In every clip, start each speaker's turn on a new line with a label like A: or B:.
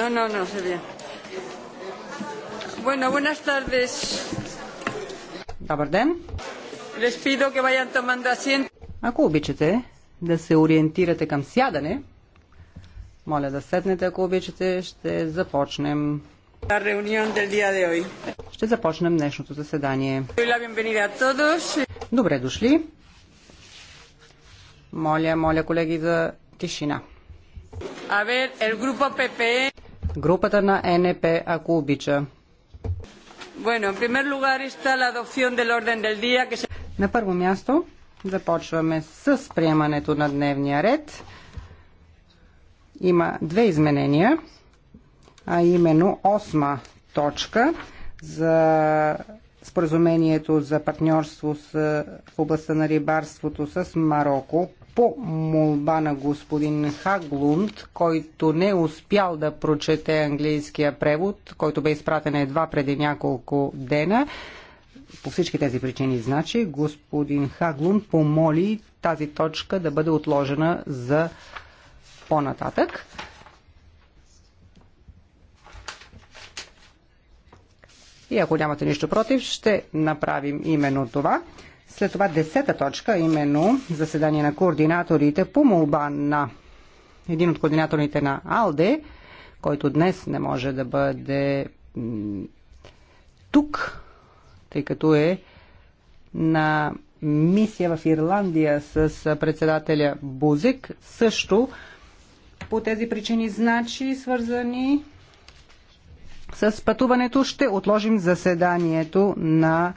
A: No, no, no se ve. Bueno, buenas tardes. Добър ден. Les pido que vayan tomando asiento.
B: Ако обичате да се ориентирате към сядане, моля да седнете, ако обичате, ще започнем.
A: La reunión del día de hoy.
B: Ще започнем днешното заседание. Добре дошли. Моля, моля колеги за тишина.
A: A ver, el grupo PPE
B: групата на НП, ако обича. На първо място започваме с приемането на дневния ред. Има две изменения, а именно осма точка за споразумението за партньорство с, в областта на рибарството с Марокко по молба на господин Хаглунд, който не е успял да прочете английския превод, който бе изпратен едва преди няколко дена. По всички тези причини, значи, господин Хаглунд помоли тази точка да бъде отложена за по-нататък. И ако нямате нищо против, ще направим именно това. След това десета точка, именно заседание на координаторите по молба на един от координаторите на АЛДЕ, който днес не може да бъде тук, тъй като е на мисия в Ирландия с председателя Бузик, също по тези причини, значи свързани с пътуването, ще отложим заседанието на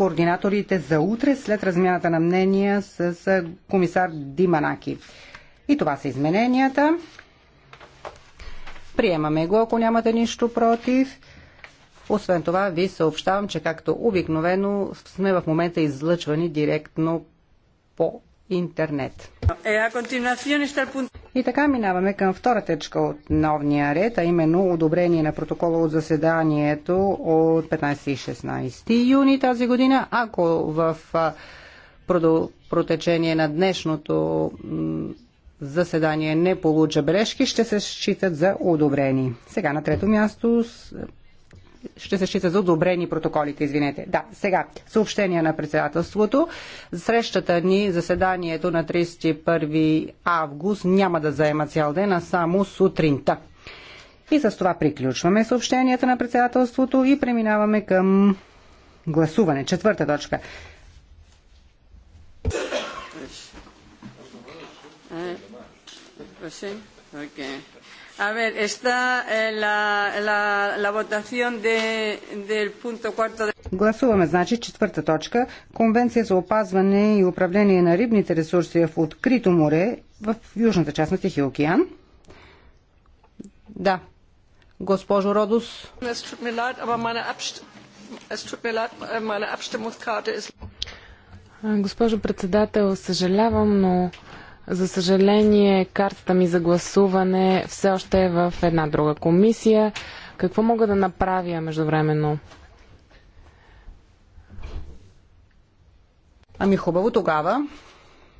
B: координаторите за утре след размяната на мнения с комисар Диманаки. И това са измененията. Приемаме го, ако нямате нищо против. Освен това, ви съобщавам, че както обикновено сме в момента излъчвани директно по интернет. И така минаваме към втора течка от новния ред, а именно одобрение на протокола от заседанието от 15 и 16 юни тази година. Ако в протечение на днешното заседание не получа бележки, ще се считат за одобрени. Сега на трето място ще се счита за одобрени протоколите, извинете. Да, сега, съобщение на председателството. Срещата ни, заседанието на 31 август няма да заема цял ден, а само сутринта. И с това приключваме съобщенията на председателството и преминаваме към гласуване. Четвърта точка.
A: Okay. A ver, está eh, la, la, la votación de, del punto cuarto de...
B: Гласуваме, значи, четвърта точка. Конвенция за опазване и управление на рибните ресурси в открито море в южната част на Тихия океан. Да. Госпожо Родос.
C: Äh, Госпожо председател, съжалявам, но за съжаление, картата ми за гласуване все още е в една друга комисия. Какво мога да направя междувременно?
B: Ами хубаво тогава.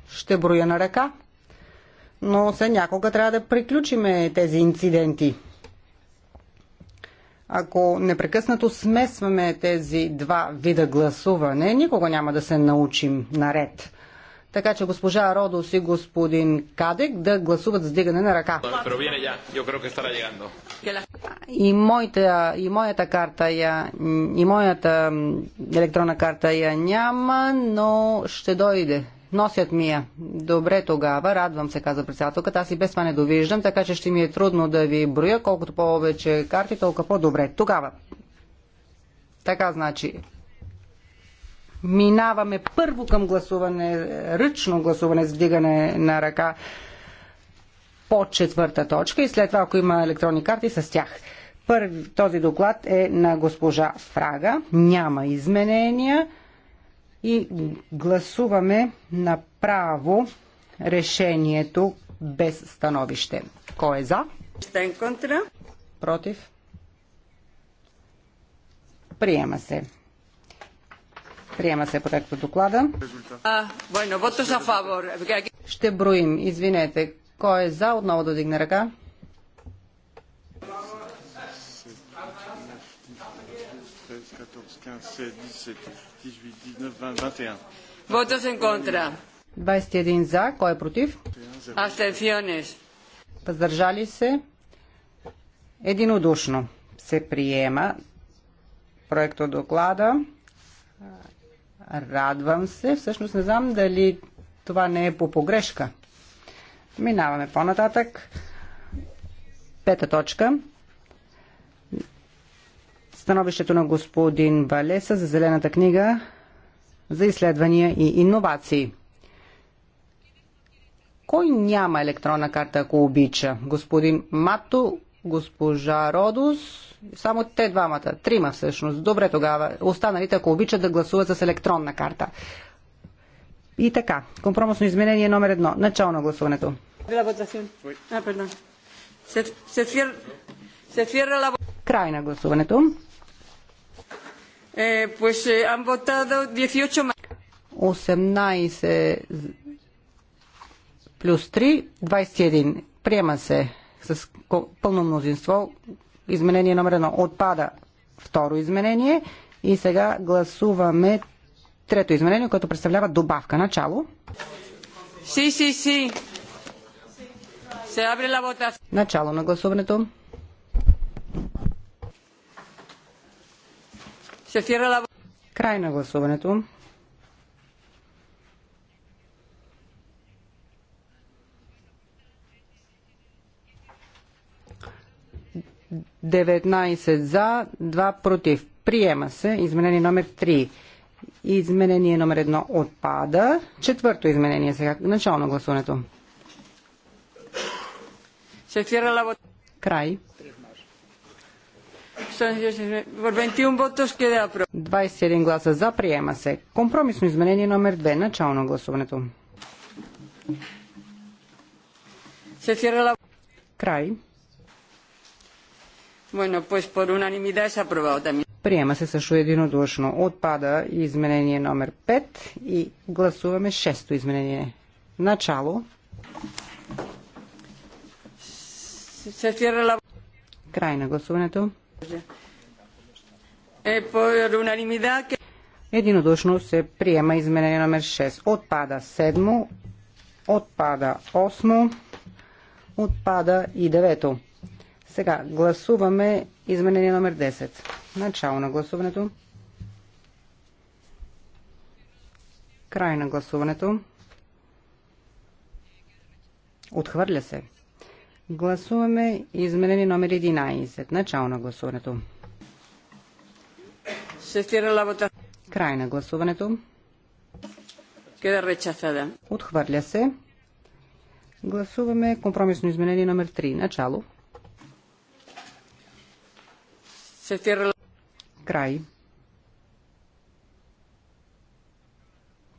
B: Ще броя на ръка. Но се някога трябва да приключиме тези инциденти. Ако непрекъснато смесваме тези два вида гласуване, никога няма да се научим наред така че госпожа Родос и господин Кадек да гласуват с дигане на ръка. И, моята, и моята карта я, и моята електронна карта я няма, но ще дойде. Носят ми я. Добре тогава, радвам се, каза председателката. Аз и без това не довиждам, така че ще ми е трудно да ви броя. Колкото повече карти, толкова по-добре. Тогава. Така значи, минаваме първо към гласуване, ръчно гласуване с вдигане на ръка по четвърта точка и след това, ако има електронни карти, с тях. Първи, този доклад е на госпожа Фрага. Няма изменения и гласуваме направо решението без становище. Кой е за? Против? Приема се. Приема се проекта доклада. Ще броим. Извинете. Кой е за? Отново да дигне ръка.
A: Votos en contra.
B: 21 за. Кой е против?
A: Астенсионес.
B: Въздържали се? Единодушно се приема проекто доклада. Радвам се. Всъщност не знам дали това не е по погрешка. Минаваме по-нататък. Пета точка. Становището на господин Валеса за Зелената книга за изследвания и иновации. Кой няма електронна карта, ако обича? Господин Мато, госпожа Родос. Само те двамата. Трима всъщност. Добре тогава. Останалите, ако обичат да гласуват с електронна карта. И така. Компромисно изменение номер едно. Начало на гласуването. Ah, Край на гласуването. 18 eh, eh, плюс 3, 21. Приема се с пълно мнозинство. Изменение номер едно отпада второ изменение и сега гласуваме трето изменение, което представлява добавка. Начало.
A: Си, си, си. Се абри
B: Начало на гласуването. Се фира Край на гласуването. 19 за, 2 против. Приема се. Изменение номер 3. Изменение номер 1 отпада. Четвърто изменение сега. Начало на гласуването. Край. 21 гласа за приема се. Компромисно изменение номер 2. Начало на гласуването.
A: Край. Bueno, pues por unanimidad es aprobado también.
B: Приема се също единодушно. Отпада изменение номер 5 и гласуваме шесто изменение. Начало. Край на гласуването. Е, единодушно се приема изменение номер 6. Отпада 7, отпада 8, отпада и 9. Сега гласуваме изменение номер 10. Начало на гласуването. Край на гласуването. Отхвърля се. Гласуваме изменение номер 11. Начало на гласуването. Край на гласуването. Отхвърля се. Гласуваме компромисно изменение номер 3. Начало. Край.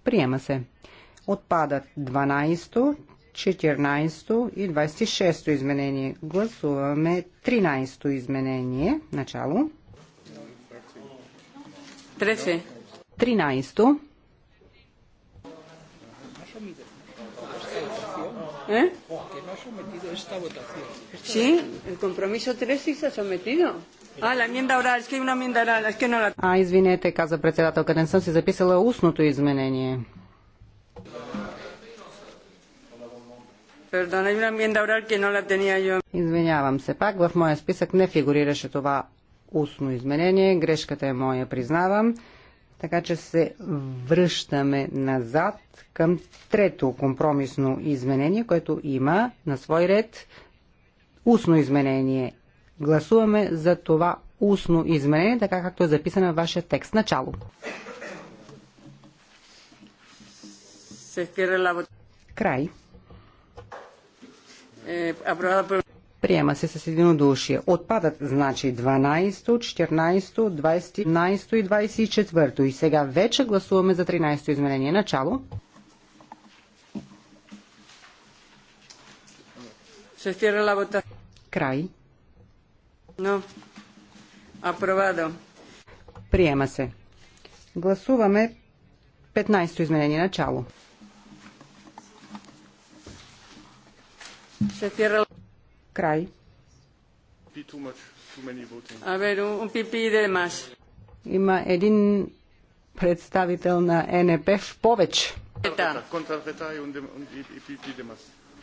B: Приема се. Отпадат 12, то 14 то и 26 то изменение. Гласуваме 13 то изменение. Начало. 13. то ¿Eh?
A: ¿Sí? ¿El compromiso 3 sí se ha sometido? А, la enmienda oral, es que hay una enmienda
B: А, извинете, каза председателка, не съм си записала устното изменение.
A: Perdón, hay una enmienda oral que no la
B: Извинявам се пак, в моя списък не фигурираше това устно изменение. Грешката е моя, признавам. Така че се връщаме назад към трето компромисно изменение, което има на свой ред устно изменение Гласуваме за това устно изменение, така както е записано в вашия текст. Начало. Край. Е, Приема се с единодушие. Отпадат, значи, 12, 14, 20, то и 24. И сега вече гласуваме за 13-то изменение. Начало. Край. No. Приема се. Гласуваме 15-то изменение начало. Край. un
A: de más.
B: Има един представител на НП в повече.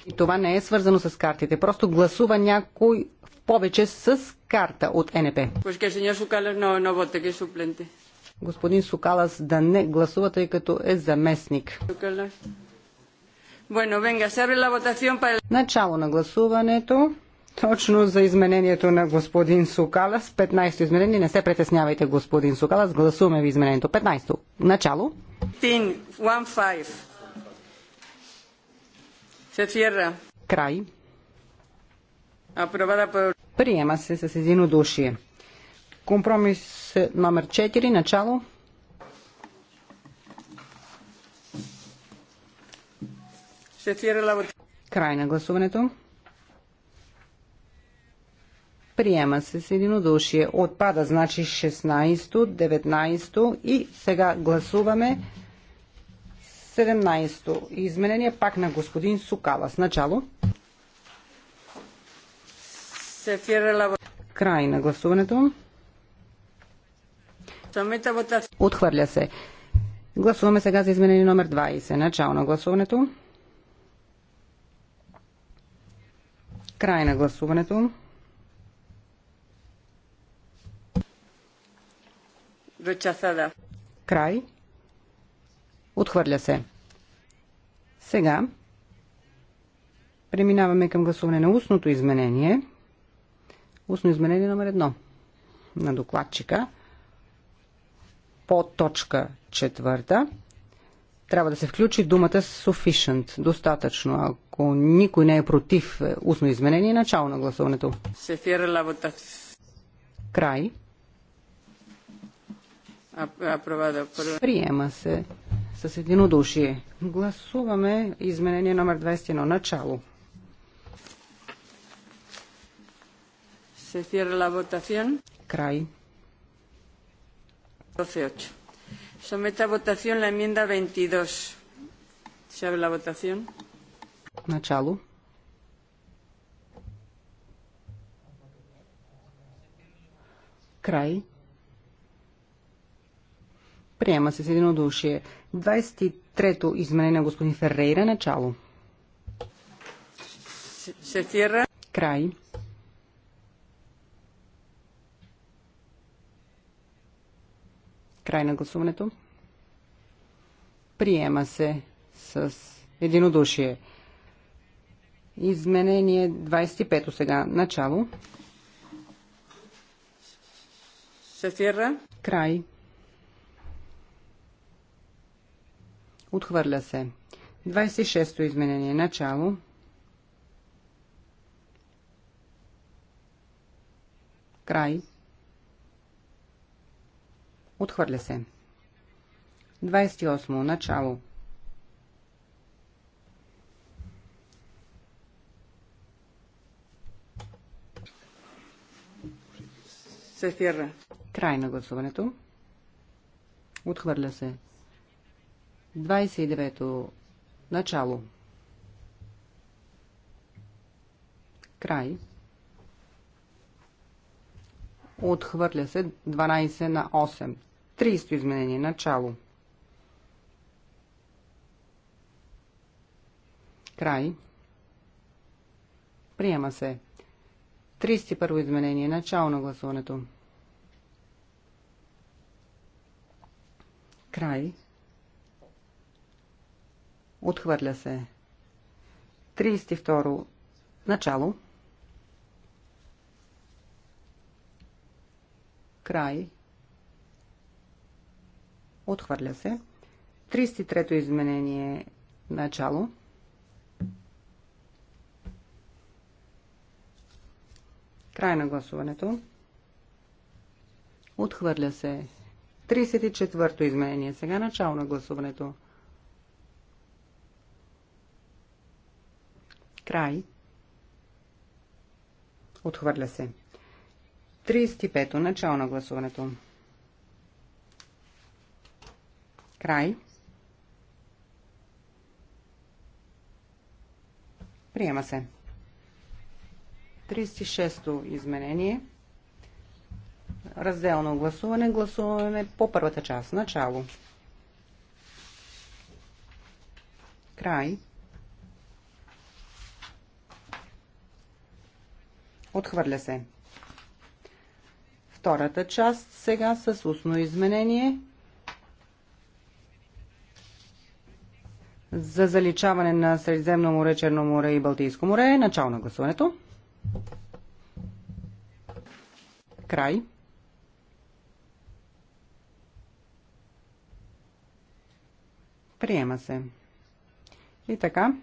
B: И това не е свързано с картите. Просто гласува някой в повече с карта от НП. Господин Сукалас да не гласува, тъй като е заместник. Начало на гласуването. Точно за изменението на господин Сукалас. 15-то изменение. Не се притеснявайте, господин Сукалас. Гласуваме ви изменението. 15-то. Начало.
A: 15. Се Край. Апробада
B: Приема се с единодушие. Компромис номер 4. Начало. Край на гласуването. Приема се с единодушие. Отпада значи 16-то, 19-то и сега гласуваме 17-то. Изменение пак на господин Сукала. Сначало. начало. Край на гласуването. Отхвърля се. Гласуваме сега за изменение номер 20. Начало на гласуването. Край на гласуването. Край. Отхвърля се. Сега преминаваме към гласуване на устното изменение, Устно изменение номер едно на докладчика по точка четвърта трябва да се включи думата sufficient, достатъчно. Ако никой не е против е, устно изменение, начало на гласуването. Край. Приема се с единодушие. Гласуваме изменение номер 21. Начало.
A: Se cierra la votación.
B: Край. 12.8.
A: Someto a votación la enmienda 22. ¿Se abre la votación?
B: Начало. Край. Приема се с единодушие. 23-то изменение на господин Феррейра. Начало. Се, се Край. Край на гласуването. Приема се с единодушие. Изменение 25 сега. Начало.
A: Се
B: Край. Отхвърля се. 26-то изменение. Начало. Край. Отхвърля се. 28. Начало. Сефира. Край на гласуването. Отхвърля се. 29. Начало. Край. Отхвърля се 12 на 8. 30 изменение. Начало. Край. Приема се. 31 изменение. Начало на гласуването. Край. Отхвърля се. 32 начало. Край. Отхвърля се. 33-то изменение начало. Край на гласуването. Отхвърля се. 34-то изменение. Сега начало на гласуването. Край. Отхвърля се. 35-то начало на гласуването. Край. Приема се. 36-то изменение. Разделно гласуване. Гласуваме по първата част. Начало. Край. Отхвърля се. Втората част сега с устно изменение. за заличаване на Средиземно море, Черно море и Балтийско море. Начало на гласуването. Край. Приема се. И така,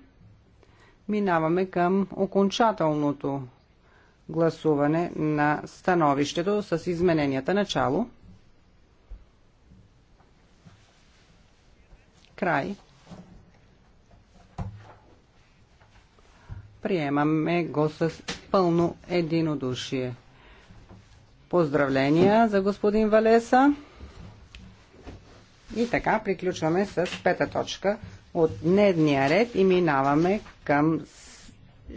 B: минаваме към окончателното гласуване на становището с измененията начало. Край. Приемаме го с пълно единодушие. Поздравления за господин Валеса. И така приключваме с пета точка от дневния ред и минаваме към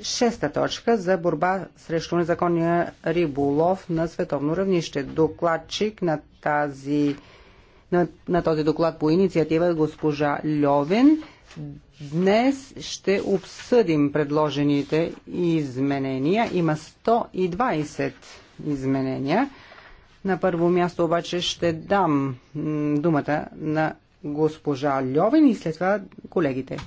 B: шеста точка за борба срещу незаконния риболов на световно равнище. Докладчик на, тази, на, на този доклад по инициатива е госпожа Льовин. Днес ще обсъдим предложените изменения. Има 120 изменения. На първо място обаче ще дам думата на госпожа Льовен и след това колегите.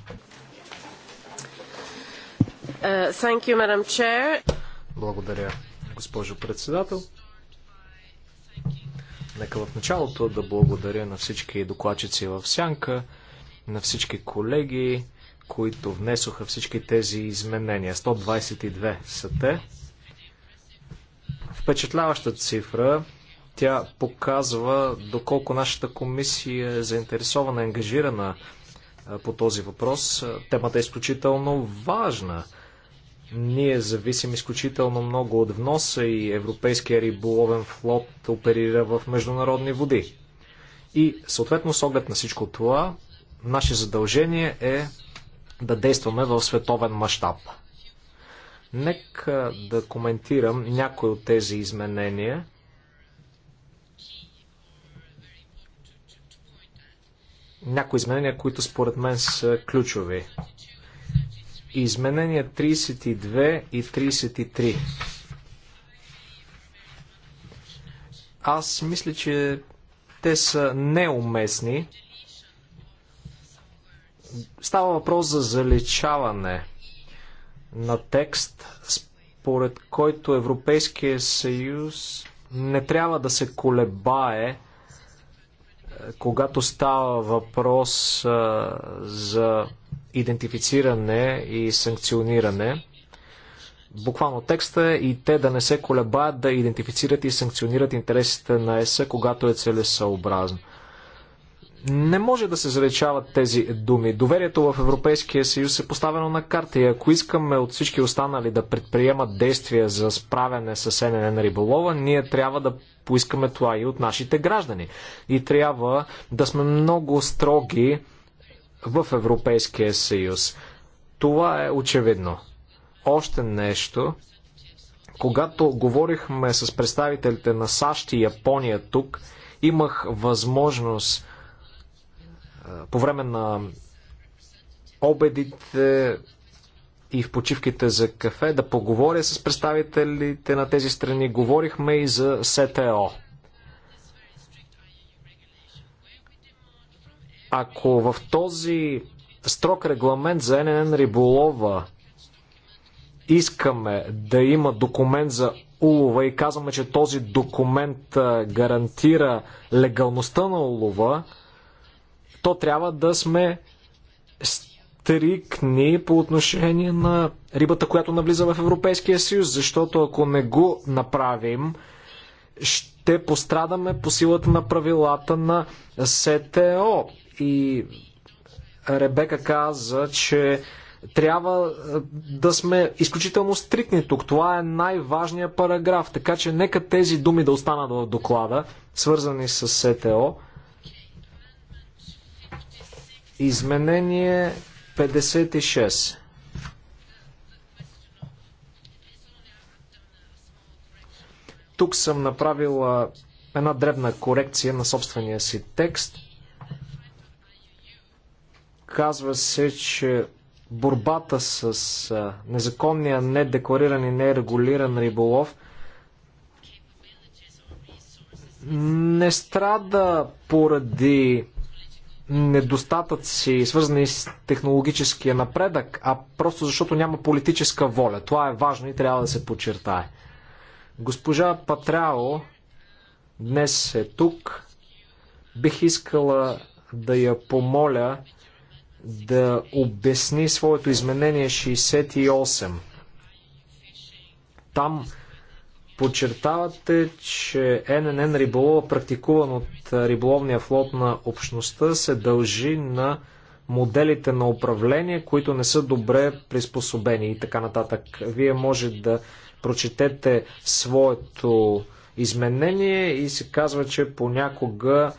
C: Е, you,
D: Благодаря, госпожо председател. Нека в началото да благодаря на всички докладчици в Сянка, на всички колеги, които внесоха всички тези изменения. 122 са те. Впечатляваща цифра. Тя показва доколко нашата комисия е заинтересована ангажирана по този въпрос. Темата е изключително важна. Ние зависим изключително много от вноса и Европейския риболовен флот оперира в международни води. И съответно с оглед на всичко това, Наше задължение е да действаме в световен мащаб. Нека да коментирам някои от тези изменения. Някои изменения, които според мен са ключови. Изменения 32 и 33. Аз мисля, че те са неуместни Става въпрос за заличаване на текст, според който Европейския съюз не трябва да се колебае, е, когато става въпрос е, за идентифициране и санкциониране. Буквално текста е и те да не се колебаят да идентифицират и санкционират интересите на ЕС, когато е целесъобразно. Не може да се заличават тези думи. Доверието в Европейския съюз е поставено на карта и ако искаме от всички останали да предприемат действия за справяне с сенене на риболова, ние трябва да поискаме това и от нашите граждани. И трябва да сме много строги в Европейския съюз. Това е очевидно. Още нещо. Когато говорихме с представителите на САЩ и Япония тук, имах възможност по време на обедите и в почивките за кафе да поговоря с представителите на тези страни. Говорихме и за СТО. Ако в този строг регламент за ННН риболова искаме да има документ за улова и казваме, че този документ гарантира легалността на улова, то трябва да сме стрикни по отношение на рибата, която навлиза в Европейския съюз, защото ако не го направим, ще пострадаме по силата на правилата на СТО. И Ребека каза, че трябва да сме изключително стрикни тук. Това е най-важният параграф, така че нека тези думи да останат в доклада, свързани с СТО. Изменение 56. Тук съм направила една дребна корекция на собствения си текст. Казва се, че борбата с незаконния, недеклариран и нерегулиран риболов не страда поради недостатъци, свързани с технологическия напредък, а просто защото няма политическа воля. Това е важно и трябва да се подчертае. Госпожа Патряо днес е тук. Бих искала да я помоля да обясни своето изменение 68. Там Подчертавате, че ННН риболова, практикуван от риболовния флот на общността, се дължи на моделите на управление, които не са добре приспособени и така нататък. Вие може да прочетете своето изменение и се казва, че понякога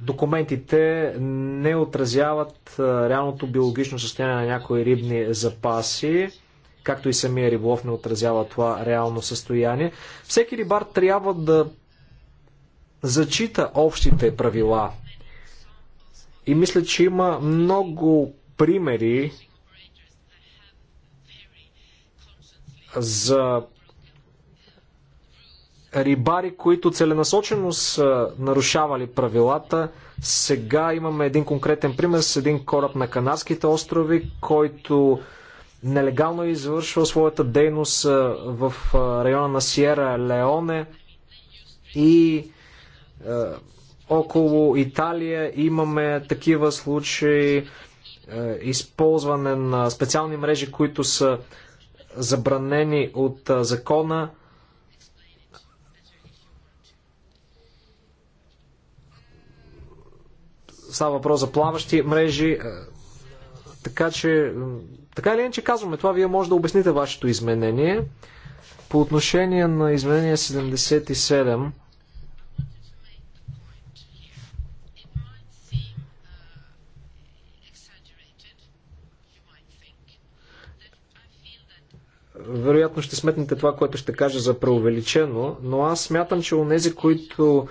D: документите не отразяват реалното биологично състояние на някои рибни запаси както и самия риболов не отразява това реално състояние. Всеки рибар трябва да зачита общите правила. И мисля, че има много примери за рибари, които целенасочено са нарушавали правилата. Сега имаме един конкретен пример с един кораб на канадските острови, който нелегално е извършва своята дейност в района на Сиера Леоне и около Италия имаме такива случаи използване на специални мрежи, които са забранени от закона. Става въпрос за плаващи мрежи. Така че така или иначе казваме това, вие може да обясните вашето изменение. По отношение на изменение 77, вероятно ще сметнете това, което ще кажа за преувеличено, но аз смятам, че нези, които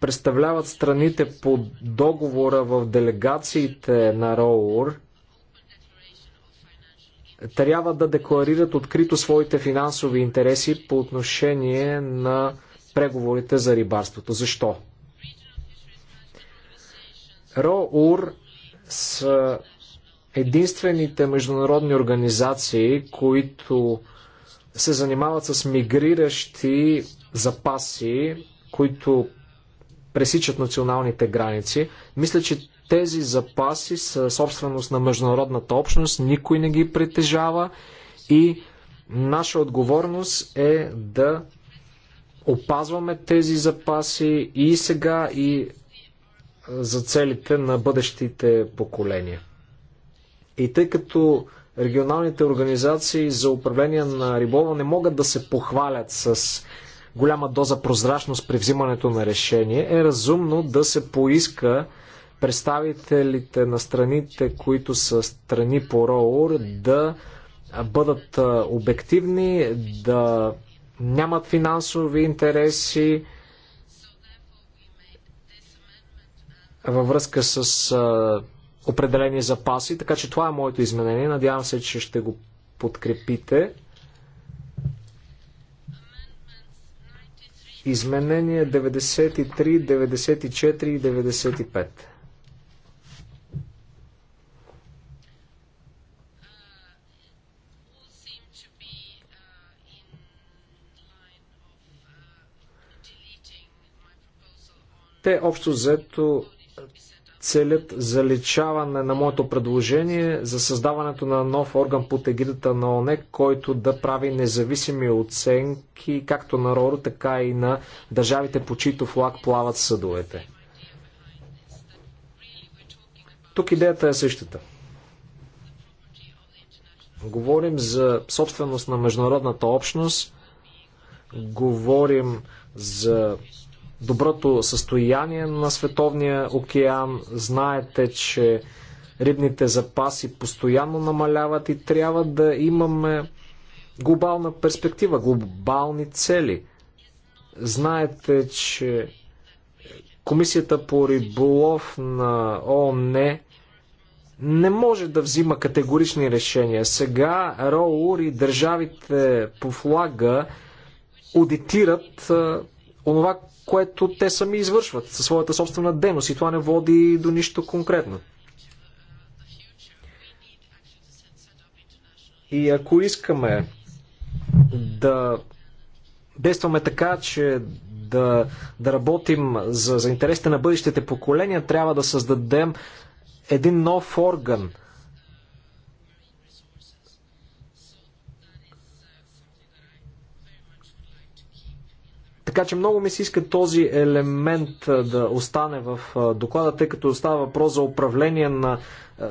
D: представляват страните по договора в делегациите на РОУР, трябва да декларират открито своите финансови интереси по отношение на преговорите за рибарството. Защо? РОУР са единствените международни организации, които се занимават с мигриращи запаси, които пресичат националните граници. Мисля, че тези запаси са собственост на международната общност, никой не ги притежава и наша отговорност е да опазваме тези запаси и сега, и за целите на бъдещите поколения. И тъй като регионалните организации за управление на риболова не могат да се похвалят с голяма доза прозрачност при взимането на решение, е разумно да се поиска представителите на страните, които са страни по РОУР, да бъдат обективни, да нямат финансови интереси във връзка с определени запаси. Така че това е моето изменение. Надявам се, че ще го подкрепите. Изменение 93, 94 и 95. Те общо взето целят заличаване на моето предложение за създаването на нов орган по тегидата на ОНЕ, който да прави независими оценки както на РОРО, така и на държавите по чието флаг плават съдовете. Тук идеята е същата. Говорим за собственост на международната общност, говорим за доброто състояние на Световния океан. Знаете, че рибните запаси постоянно намаляват и трябва да имаме глобална перспектива, глобални цели. Знаете, че Комисията по риболов на ООН не може да взима категорични решения. Сега РОУР и държавите по флага аудитират онова, което те сами извършват със своята собствена дейност и това не води до нищо конкретно. И ако искаме да действаме така, че да, да работим за, за интересите на бъдещите поколения, трябва да създадем един нов орган – Така че много ми се иска този елемент да остане в доклада, тъй като става въпрос за управление на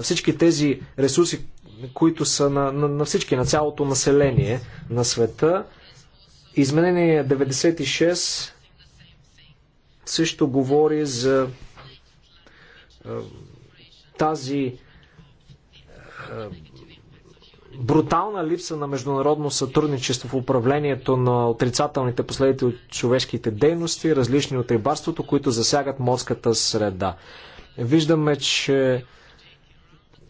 D: всички тези ресурси, които са на, на, на всички, на цялото население на света. Изменение 96 също говори за тази брутална липса на международно сътрудничество в управлението на отрицателните последици от човешките дейности, различни от рибарството, които засягат морската среда. Виждаме, че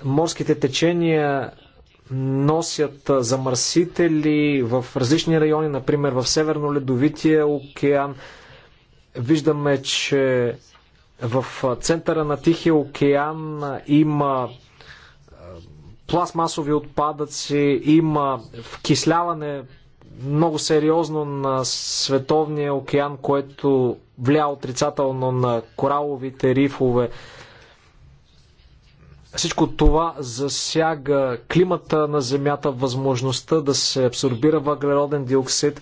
D: морските течения носят замърсители в различни райони, например в Северно-Ледовития океан. Виждаме, че в центъра на Тихия океан има пластмасови отпадъци, има вкисляване много сериозно на световния океан, което влия отрицателно на кораловите рифове. Всичко това засяга климата на Земята, възможността да се абсорбира въглероден диоксид.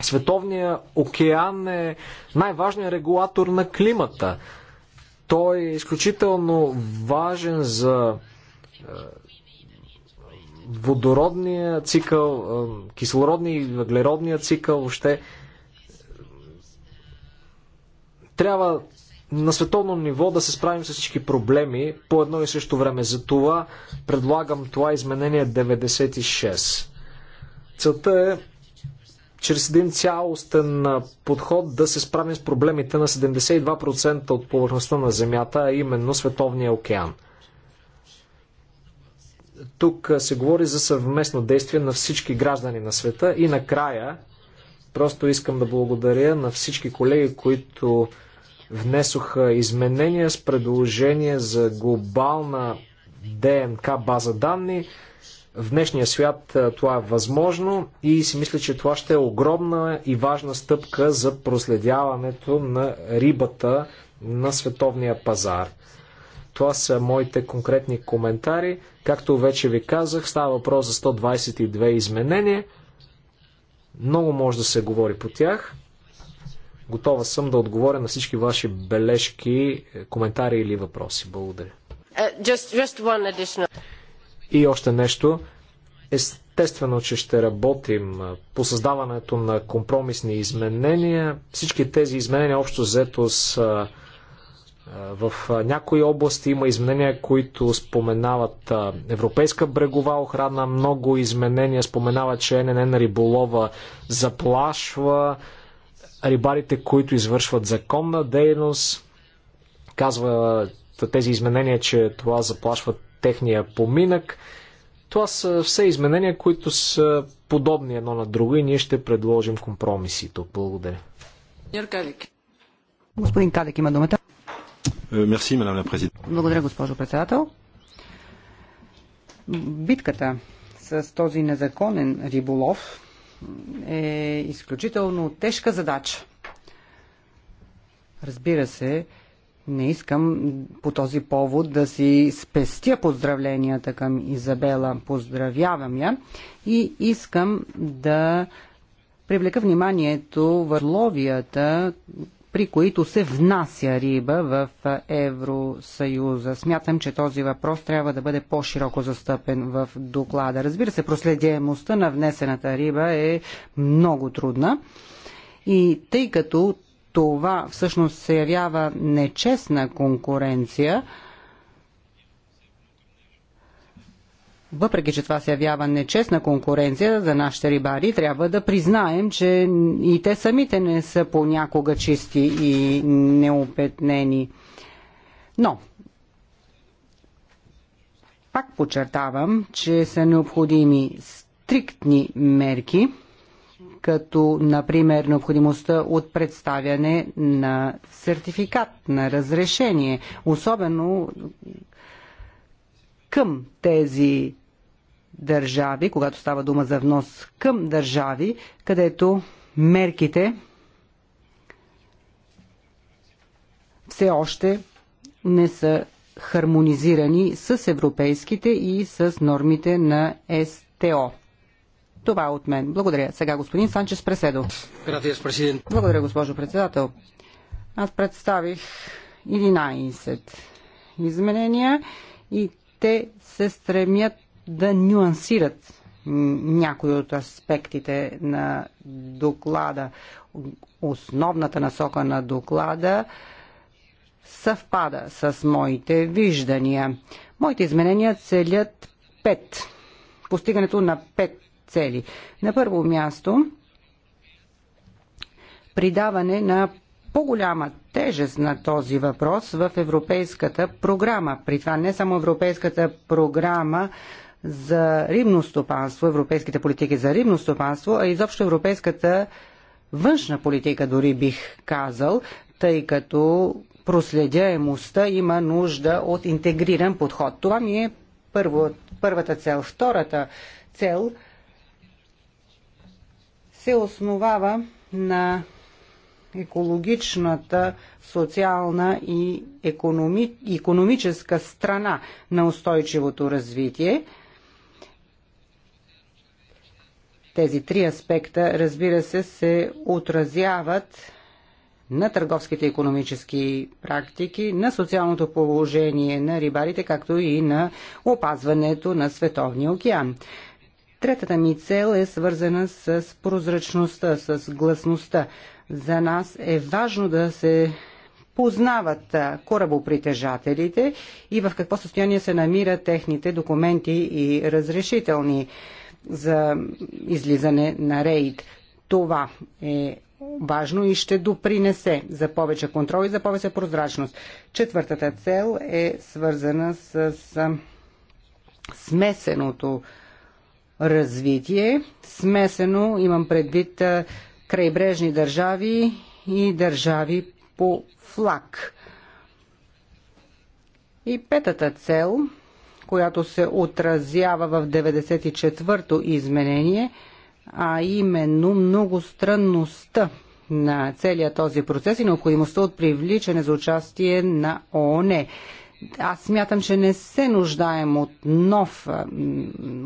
D: Световният океан е най-важният регулатор на климата. Той е изключително важен за е, водородния цикъл, кислородния и въглеродния цикъл, въобще трябва на световно ниво да се справим с всички проблеми по едно и също време. Затова предлагам това изменение 96. Целта е чрез един цялостен подход да се справим с проблемите на 72% от повърхността на Земята, а именно Световния океан – тук се говори за съвместно действие на всички граждани на света и накрая просто искам да благодаря на всички колеги, които внесоха изменения с предложение за глобална ДНК база данни. В днешния свят това е възможно и си мисля, че това ще е огромна и важна стъпка за проследяването на рибата на световния пазар. Това са моите конкретни коментари. Както вече ви казах, става въпрос за 122 изменения. Много може да се говори по тях. Готова съм да отговоря на всички ваши бележки, коментари или въпроси. Благодаря.
C: Uh, just, just
D: И още нещо. Естествено, че ще работим по създаването на компромисни изменения. Всички тези изменения общо взето са в някои области има изменения, които споменават европейска брегова охрана, много изменения споменават, че ННН риболова заплашва рибарите, които извършват законна дейност. Казва тези изменения, че това заплашва техния поминък. Това са все изменения, които са подобни едно на друго и ние ще предложим компромиси тук. Благодаря.
B: Господин Калек има думата.
C: Мерси, мадам президент.
B: Благодаря, госпожо председател. Битката с този незаконен риболов е изключително тежка задача. Разбира се, не искам по този повод да си спестя поздравленията към Изабела. Поздравявам я и искам да привлека вниманието върловията при които се внася риба в Евросъюза. Смятам, че този въпрос трябва да бъде по-широко застъпен в доклада. Разбира се, проследяемостта на внесената риба е много трудна и тъй като това всъщност се явява нечестна конкуренция, въпреки че това се явява нечестна конкуренция за нашите рибари, трябва да признаем, че и те самите не са понякога чисти и неопетнени. Но, пак подчертавам, че са необходими стриктни мерки, като, например, необходимостта от представяне на сертификат, на разрешение, особено към тези държави, когато става дума за внос към държави, където мерките все още не са хармонизирани с европейските и с нормите на СТО. Това е от мен. Благодаря. Сега господин Санчес Преседо. Благодаря, госпожо председател. Аз представих 11 изменения и те се стремят да нюансират някои от аспектите на доклада. Основната насока на доклада съвпада с моите виждания. Моите изменения целят пет. Постигането на пет цели. На първо място придаване на по-голяма тежест на този въпрос в Европейската програма. При това не само Европейската програма за рибно стопанство, европейските политики за рибно стопанство, а изобщо Европейската външна политика, дори бих казал, тъй като проследяемостта има нужда от интегриран подход. Това ми е първо, първата цел. Втората цел се основава на екологичната, социална и економи... економическа страна на устойчивото развитие. Тези три аспекта, разбира се, се отразяват на търговските економически практики, на социалното положение на рибарите, както и на опазването на Световния океан. Третата ми цел е свързана с прозрачността, с гласността. За нас е важно да се познават корабопритежателите и в какво състояние се намират техните документи и разрешителни за излизане на рейд. Това е важно и ще допринесе за повече контрол и за повече прозрачност. Четвъртата цел е свързана с смесеното развитие. Смесено имам предвид крайбрежни държави и държави по флаг. И петата цел, която се отразява в 94-то изменение, а именно многостранността на целия този процес и необходимостта от привличане за участие на ООН. Аз смятам, че не се нуждаем от нов,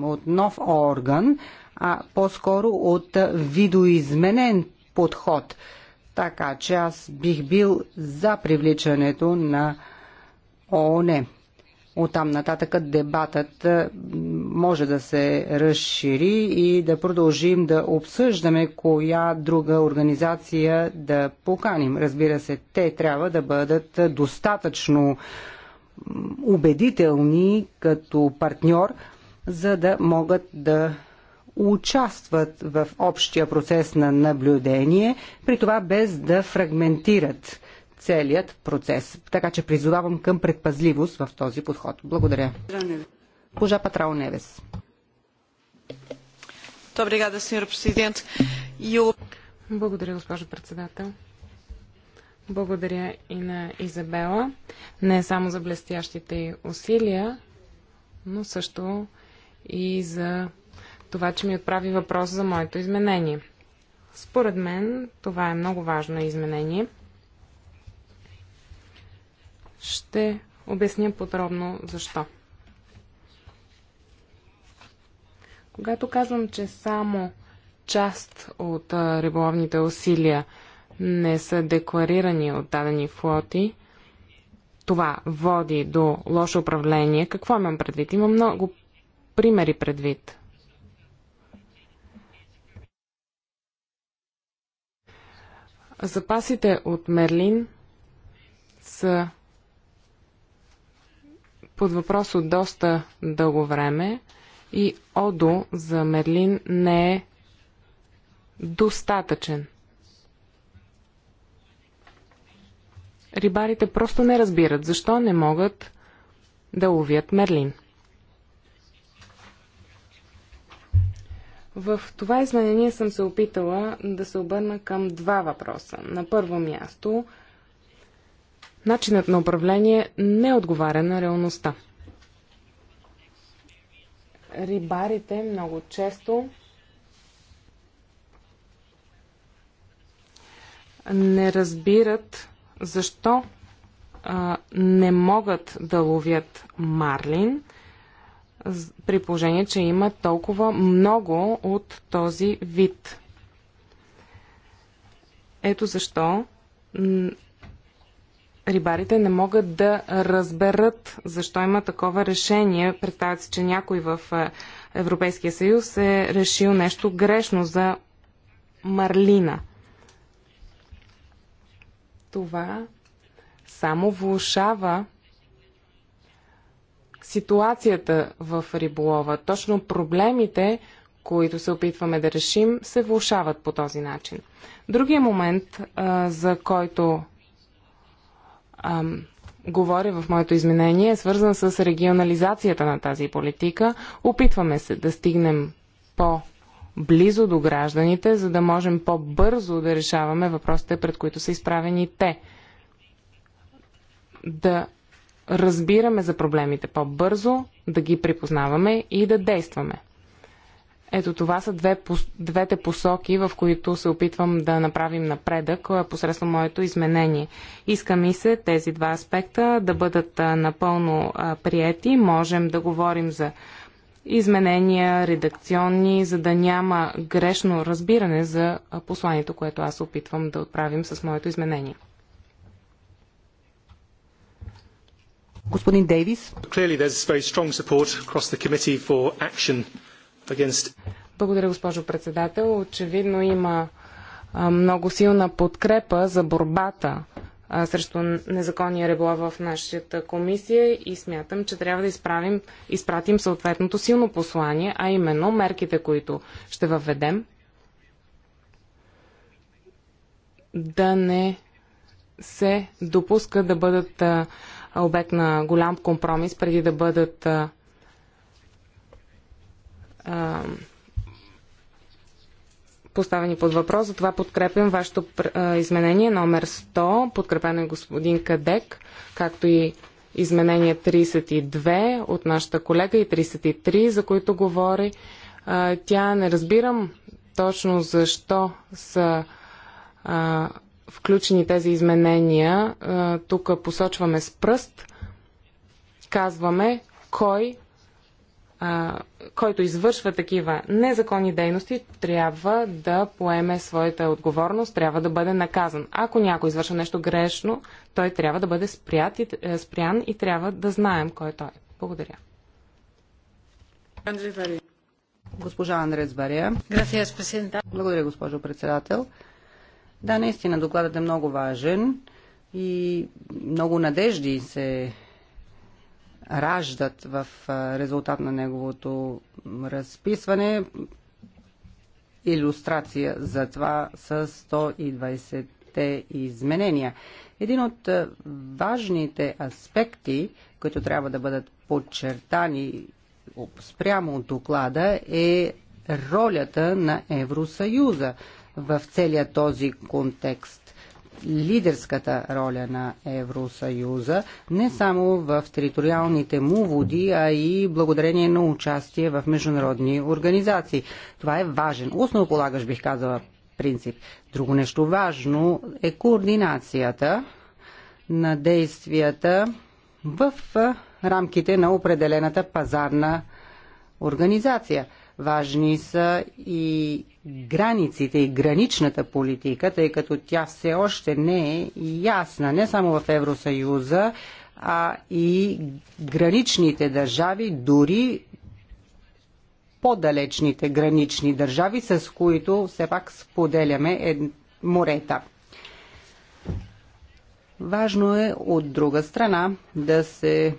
B: от нов орган, а по-скоро от видоизменен подход. Така че аз бих бил за привличането на ООН. От там нататък дебатът може да се разшири и да продължим да обсъждаме коя друга организация да поканим. Разбира се, те трябва да бъдат достатъчно убедителни като партньор, за да могат да участват в общия процес на наблюдение, при това без да фрагментират целият процес. Така че призовавам към предпазливост в този подход. Благодаря. Пожа Патрао Невес.
C: Благодаря, госпожо председател. Благодаря и на Изабела, не само за блестящите й усилия, но също и за това, че ми отправи въпрос за моето изменение. Според мен това е много важно изменение. Ще обясня подробно защо. Когато казвам, че само част от риболовните усилия не са декларирани от дадени флоти, това води до лошо управление. Какво имам предвид? Има много примери предвид. Запасите от Мерлин са под въпрос от доста дълго време и ОДО за Мерлин не е достатъчен. Рибарите просто не разбират защо не могат да ловят Мерлин. В това изменение съм се опитала да се обърна към два въпроса. На първо място, начинът на управление не отговаря на реалността. Рибарите много често не разбират защо а, не могат да ловят марлин при положение, че има толкова много от този вид. Ето защо рибарите не могат да разберат защо има такова решение. Представят се, че някой в е, Европейския съюз е решил нещо грешно за марлина. Това само влушава ситуацията в риболова. Точно проблемите, които се опитваме да решим, се влушават по този начин. Другия момент, а, за който а, говоря в моето изменение, е свързан с регионализацията на тази политика. Опитваме се да стигнем по близо до гражданите, за да можем по-бързо да решаваме въпросите, пред които са изправени те. Да разбираме за проблемите по-бързо, да ги припознаваме и да действаме. Ето това са две, двете посоки, в които се опитвам да направим напредък посредством моето изменение. Иска ми се тези два аспекта да бъдат напълно приети. Можем да говорим за изменения, редакционни, за да няма грешно разбиране за посланието, което аз опитвам да отправим с моето изменение. Господин Дейвис. Благодаря, госпожо председател. Очевидно има много силна подкрепа за борбата срещу незаконния риболов в нашата комисия и смятам, че трябва да изправим, изпратим съответното силно послание, а именно мерките, които ще въведем, да не се допуска да бъдат а, обект на голям компромис преди да бъдат а, а, поставени под въпрос. Затова подкрепям вашето а, изменение номер 100, подкрепено е господин Кадек, както и изменение 32 от нашата колега и 33, за които говори. Тя не разбирам точно защо са включени тези изменения, тук посочваме с пръст, казваме кой, който извършва такива незаконни дейности, трябва да поеме своята отговорност, трябва да бъде наказан. Ако някой извършва нещо грешно, той трябва да бъде спрят и, е, спрян и трябва да знаем кой той е. Благодаря.
B: Госпожа Андрес Бария. Благодаря, госпожо председател. Да, наистина докладът е много важен и много надежди се раждат в резултат на неговото разписване. Илюстрация за това с 120-те изменения. Един от важните аспекти, които трябва да бъдат подчертани спрямо от доклада е ролята на Евросъюза в целия този контекст лидерската роля на Евросъюза, не само в териториалните му води, а и благодарение на участие в международни организации. Това е важен, основополагаш бих казала принцип. Друго нещо важно е координацията на действията в рамките на определената пазарна организация. Важни са и границите и граничната политика, тъй като тя все още не е ясна, не само в Евросъюза, а и граничните държави, дори по-далечните гранични държави, с които все пак споделяме морета. Важно е от друга страна да се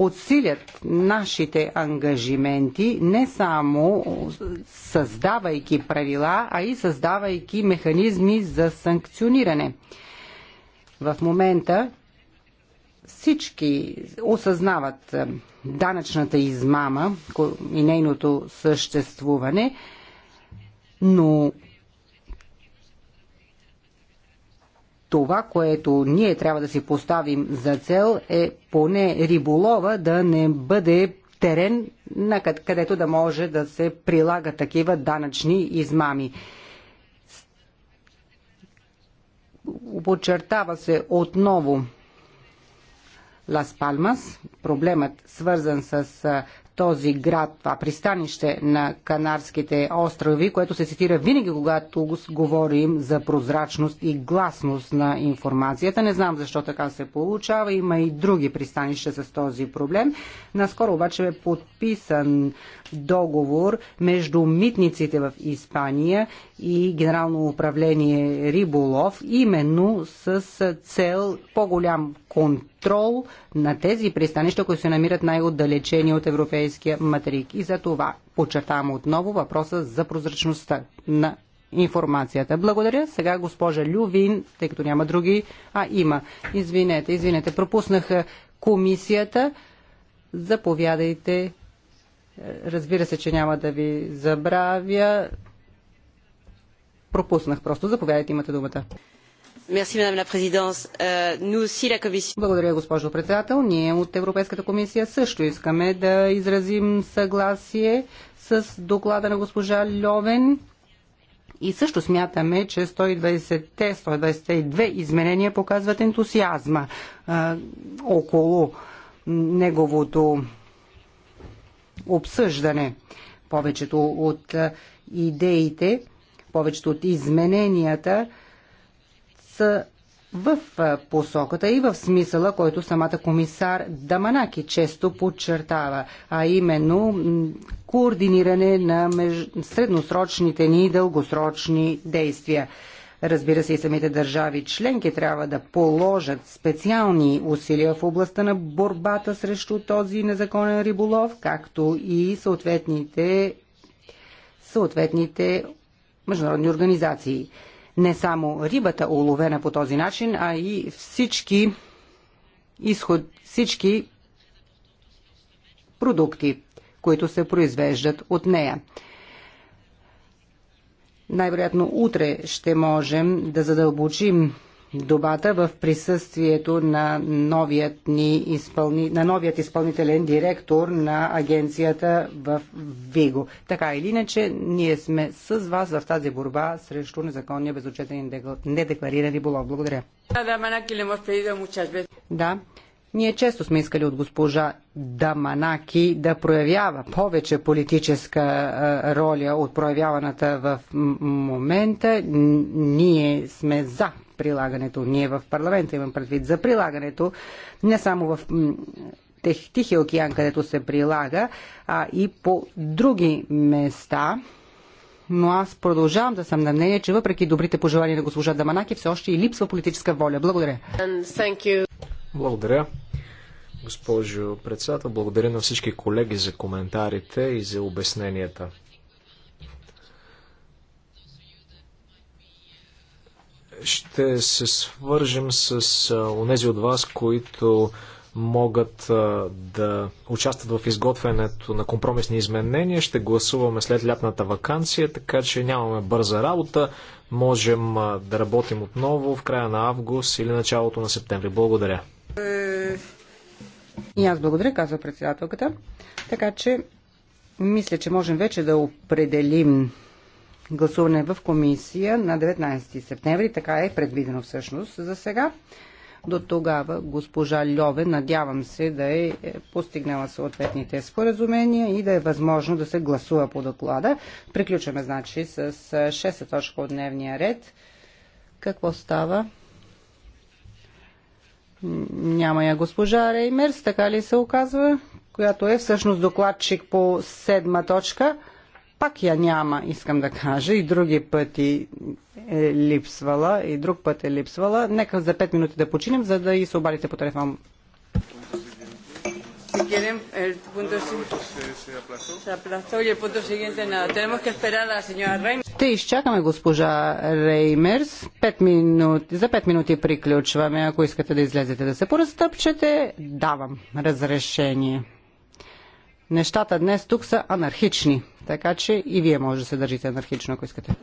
B: подсилят нашите ангажименти, не само създавайки правила, а и създавайки механизми за санкциониране. В момента всички осъзнават е, данъчната измама и нейното съществуване, но това, което ние трябва да си поставим за цел е поне риболова да не бъде терен, където да може да се прилага такива данъчни измами. Подчертава се отново Лас Палмас, проблемът свързан с този град, това пристанище на Канарските острови, което се цитира винаги, когато говорим за прозрачност и гласност на информацията. Не знам защо така се получава. Има и други пристанища с този проблем. Наскоро обаче е подписан договор между митниците в Испания и Генерално управление Риболов, именно с цел по-голям контрол на тези пристанища, които се намират най-отдалечени от европейския материк. И за това подчертавам отново въпроса за прозрачността на информацията. Благодаря. Сега госпожа Лювин, тъй като няма други, а има. Извинете, извинете, пропуснах комисията. Заповядайте. Разбира се, че няма да ви забравя пропуснах просто. Заповядайте, имате думата. Euh, Благодаря, госпожо председател. Ние от Европейската комисия също искаме да изразим съгласие с доклада на госпожа Льовен и също смятаме, че 120-те, 122 изменения показват ентусиазма а, около неговото обсъждане. Повечето от идеите повечето от измененията са в посоката и в смисъла, който самата комисар Даманаки често подчертава, а именно координиране на меж... средносрочните ни и дългосрочни действия. Разбира се, и самите държави членки трябва да положат специални усилия в областта на борбата срещу този незаконен риболов, както и съответните, съответните международни организации. Не само рибата уловена по този начин, а и всички изход, всички продукти, които се произвеждат от нея. Най-вероятно утре ще можем да задълбочим добата в присъствието на новият, ни изпълни... на новият изпълнителен директор на агенцията в Виго. Така или иначе, ние сме с вас в тази борба срещу незаконния безочетен и недеклариран риболов. Благодаря. Да, ние често сме искали от госпожа Даманаки да проявява повече политическа роля от проявяваната в момента. Ние сме за прилагането. Ние в парламента имам предвид за прилагането, не само в Тихия океан, където се прилага, а и по други места. Но аз продължавам да съм на мнение, че въпреки добрите пожелания на госпожа Даманаки, все още и липсва политическа воля. Благодаря.
D: Благодаря. Госпожо председател, благодаря на всички колеги за коментарите и за обясненията. Ще се свържем с онези от вас, които могат да участват в изготвянето на компромисни изменения. Ще гласуваме след лятната вакансия, така че нямаме бърза работа. Можем да работим отново в края на август или началото на септември. Благодаря.
B: И аз благодаря, казва председателката. Така че мисля, че можем вече да определим гласуване в комисия на 19 септември. Така е предвидено всъщност за сега. До тогава госпожа Льове, надявам се, да е, е постигнала съответните споразумения и да е възможно да се гласува по доклада. Приключваме, значи, с 6 е, точка от дневния ред. Какво става? Няма я госпожа Реймерс, така ли се оказва, която е всъщност докладчик по седма точка пак я няма, искам да кажа, и други пъти е липсвала, и друг път е липсвала. Нека за 5 минути да починем, за да и се обадите по телефон.
A: Si quieren, el punto se aplazó y el punto siguiente nada. Tenemos que esperar a la señora Reimers.
B: Те изчакаме госпожа Реймерс. Пет минути, за 5 минути приключваме. Ако искате да излезете да се поразтъпчете, давам разрешение. Нещата днес тук са анархични. Така че и вие може да се държите анархично, ако искате.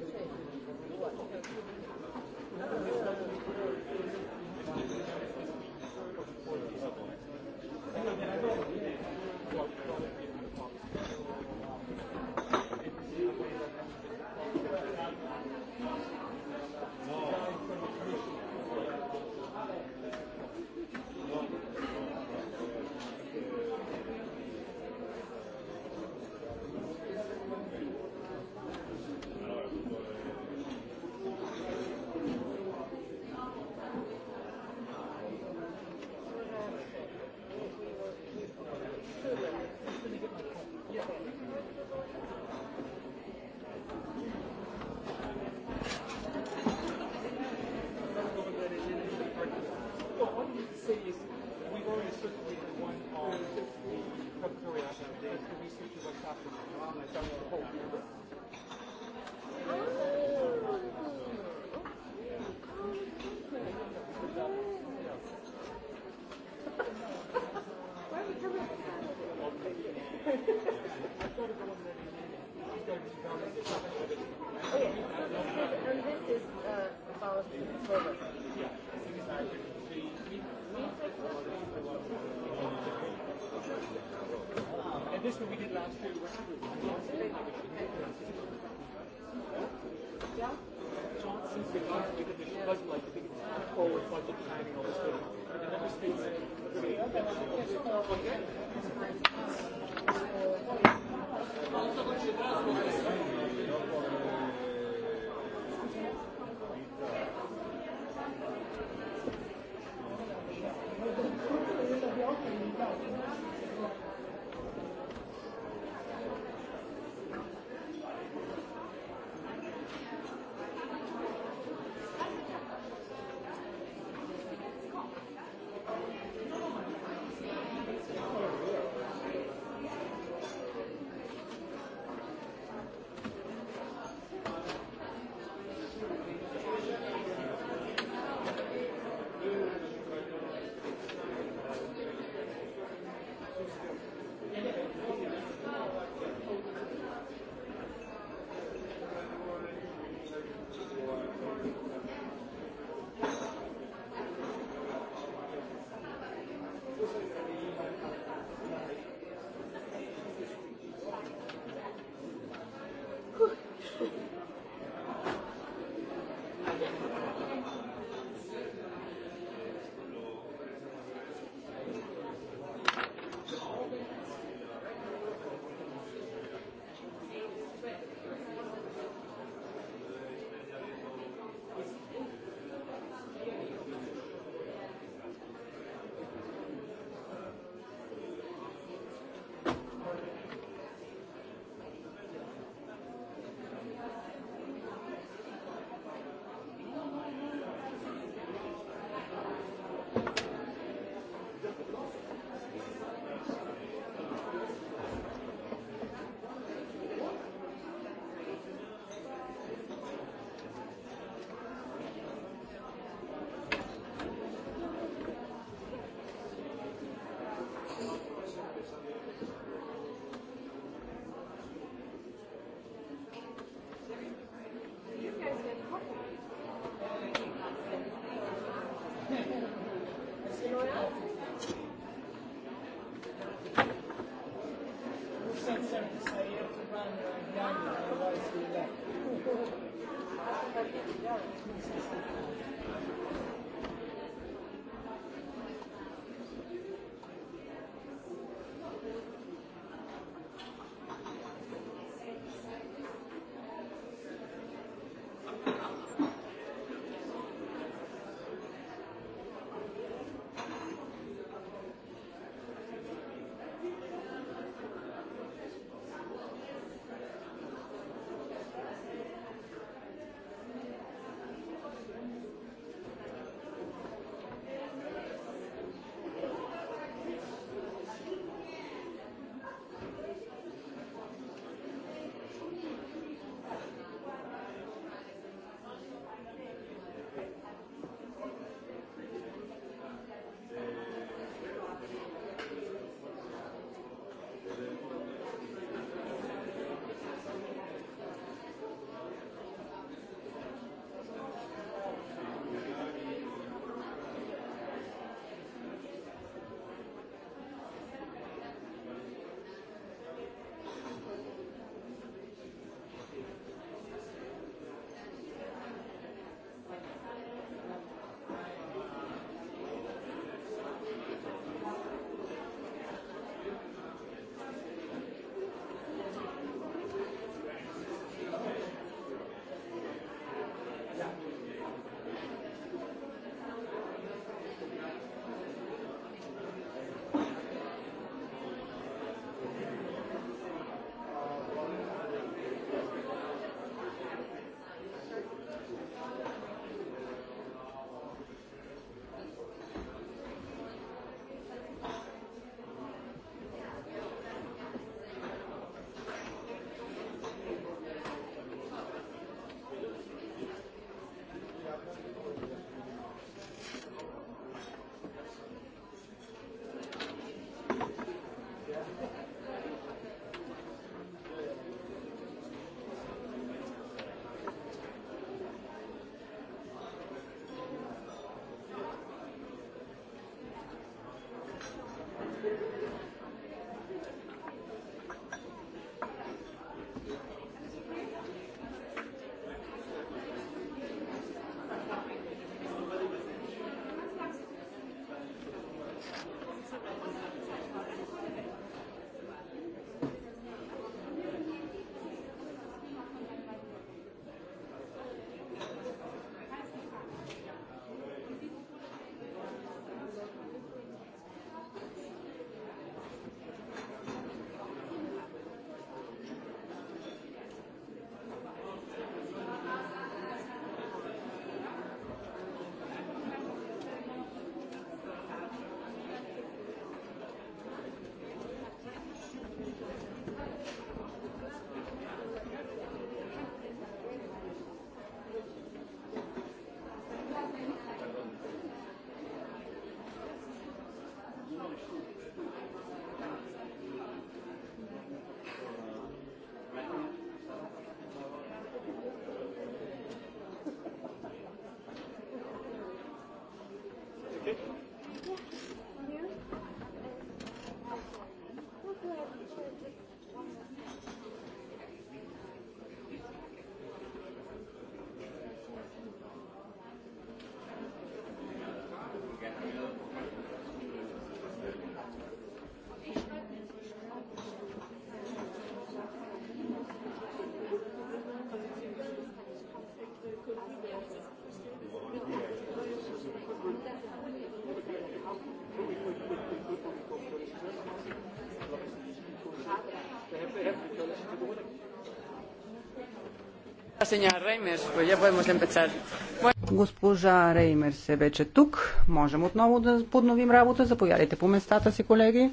B: Госпожа Реймерс е вече тук. Можем отново да подновим работа. Заповядайте по местата си, колеги.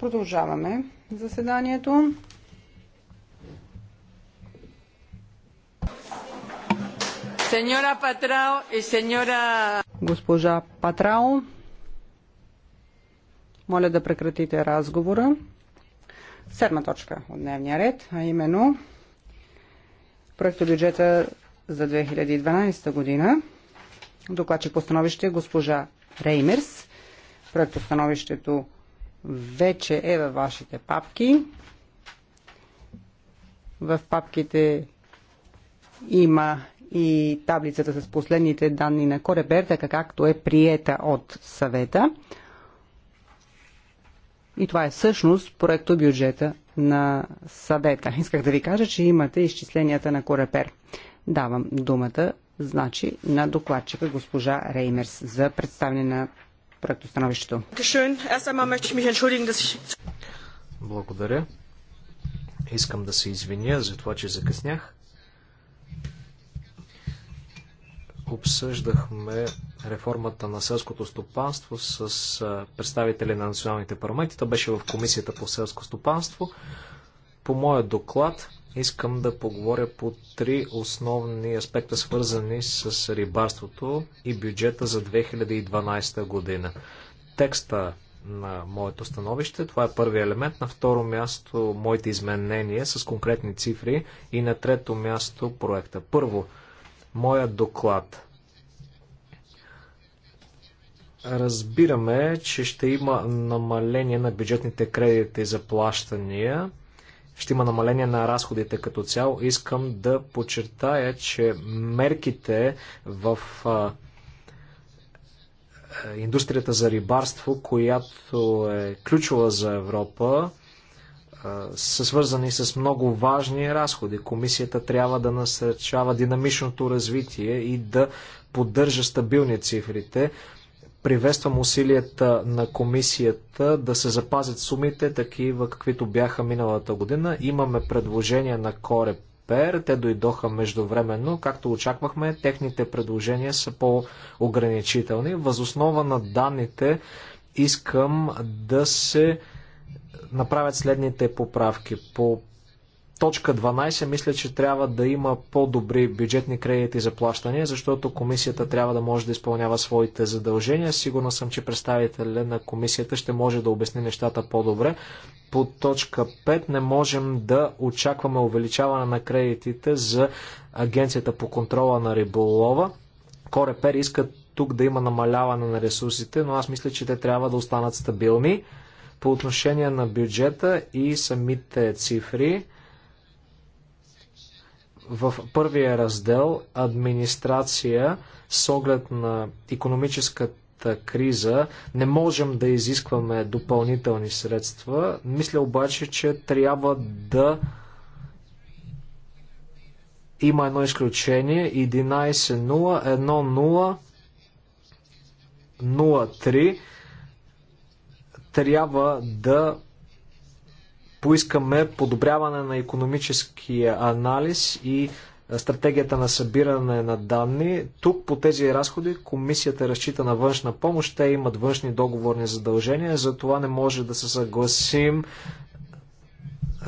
B: Продължаваме заседанието.
A: Сеньора Патрао и сеньора...
B: Госпожа Патрао, моля да прекратите разговора. Седма точка от дневния ред, а именно бюджета за 2012 година. Докладчик по становище е госпожа Реймерс. Проектостановището вече е във вашите папки. В папките има и таблицата с последните данни на Коребер, така както е приета от съвета. И това е всъщност проекто бюджета на съдета. Исках да ви кажа, че имате изчисленията на Корепер. Давам думата, значи, на докладчика госпожа Реймерс за представяне на проектостановището.
D: Благодаря. Искам да се извиня за това, че закъснях. обсъждахме реформата на селското стопанство с представители на националните парламенти. Това беше в Комисията по селско стопанство. По моя доклад искам да поговоря по три основни аспекта, свързани с рибарството и бюджета за 2012 година. Текста на моето становище. Това е първи елемент. На второ място моите изменения с конкретни цифри и на трето място проекта. Първо, моя доклад. Разбираме, че ще има намаление на бюджетните кредити за плащания. Ще има намаление на разходите като цяло. Искам да подчертая, че мерките в индустрията за рибарство, която е ключова за Европа, са свързани с много важни разходи. Комисията трябва да насърчава динамичното развитие и да поддържа стабилни цифрите. Приветствам усилията на комисията да се запазят сумите такива, каквито бяха миналата година. Имаме предложения на Корепер. Те дойдоха междувременно. Както очаквахме, техните предложения са по-ограничителни. Възоснова на данните искам да се направят следните поправки. По точка 12 мисля, че трябва да има по-добри бюджетни кредити за плащане, защото комисията трябва да може да изпълнява своите задължения. Сигурна съм, че представителя на комисията ще може да обясни нещата по-добре. По точка 5 не можем да очакваме увеличаване на кредитите за Агенцията по контрола на риболова. Корепер искат тук да има намаляване на ресурсите, но аз мисля, че те трябва да останат стабилни по отношение на бюджета и самите цифри. В първия раздел администрация с оглед на економическата криза не можем да изискваме допълнителни средства. Мисля обаче, че трябва да има едно изключение 11.0.1.0.03 трябва да поискаме подобряване на економическия анализ и стратегията на събиране на данни. Тук по тези разходи комисията разчита на външна помощ. Те имат външни договорни задължения, за това не може да се съгласим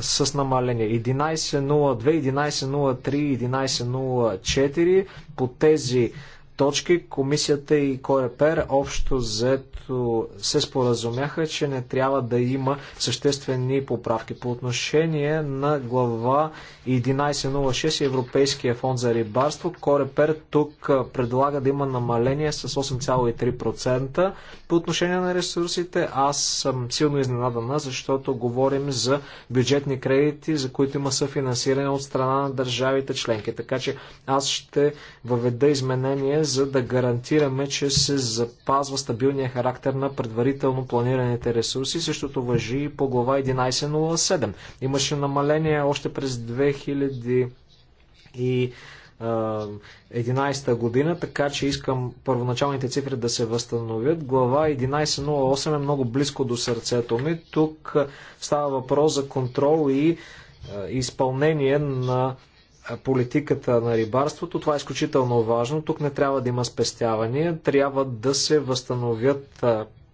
D: с намаление. 11.02, 11.03, 11.04 по тези точки комисията и Корепер общо взето се споразумяха, че не трябва да има съществени поправки. По отношение на глава 1106 Европейския фонд за рибарство, Корепер тук предлага да има намаление с 8,3%. По отношение на ресурсите, аз съм силно изненадана, защото говорим за бюджетни кредити, за които има съфинансиране от страна на държавите членки. Така че аз ще въведа изменение за да гарантираме, че се запазва стабилния характер на предварително планираните ресурси. Същото въжи и по глава 1107. Имаше намаление още през 2000 и 2011 година, така че искам първоначалните цифри да се възстановят. Глава 1108 е много близко до сърцето ми. Тук става въпрос за контрол и изпълнение на политиката на рибарството. Това е изключително важно. Тук не трябва да има спестявания. Трябва да се възстановят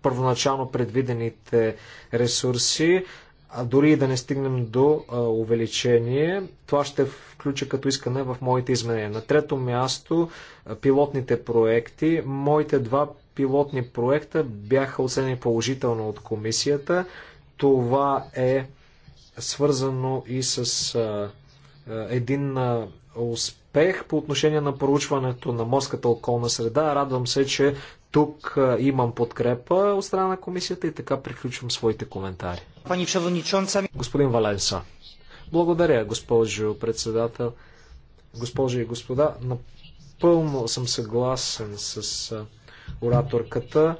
D: първоначално предвидените ресурси, а дори и да не стигнем до увеличение. Това ще включа като искане в моите изменения. На трето място пилотните проекти. Моите два пилотни проекта бяха оценени положително от комисията. Това е свързано и с е, един успех по отношение на проучването на морската околна среда. Радвам се, че тук имам подкрепа от страна на комисията и така приключвам своите коментари. Господин Валенса. Благодаря, госпожо председател. Госпожи и господа, напълно съм съгласен с ораторката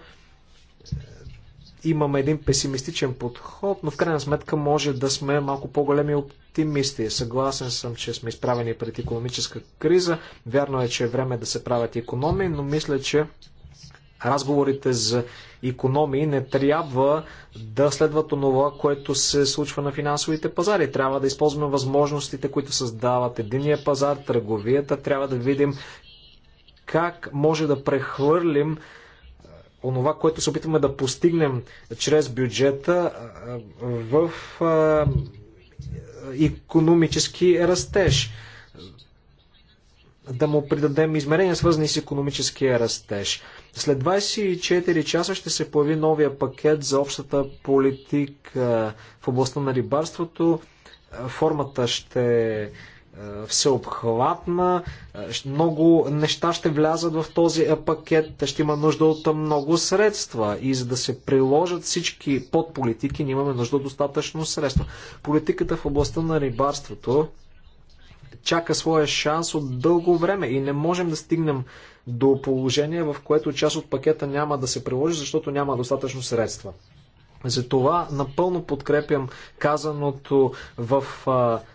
D: имаме един песимистичен подход, но в крайна сметка може да сме малко по-големи оптимисти. Съгласен съм, че сме изправени пред економическа криза. Вярно е, че е време да се правят економии, но мисля, че разговорите за економии не трябва да следват онова, което се случва на финансовите пазари. Трябва да използваме възможностите, които създават единия пазар, търговията. Трябва да видим как може да прехвърлим онова, което се опитваме да постигнем чрез бюджета в економически растеж. Да му придадем измерения, свързани с економическия растеж. След 24 часа ще се появи новия пакет за общата политика в областта на рибарството. Формата ще е, всеобхватна. Е, много неща ще влязат в този е, пакет. Ще има нужда от много средства. И за да се приложат всички подполитики, ние имаме нужда от достатъчно средства. Политиката в областта на рибарството чака своя шанс от дълго време и не можем да стигнем до положение, в което част от пакета няма да се приложи, защото няма достатъчно средства. Затова напълно подкрепям казаното в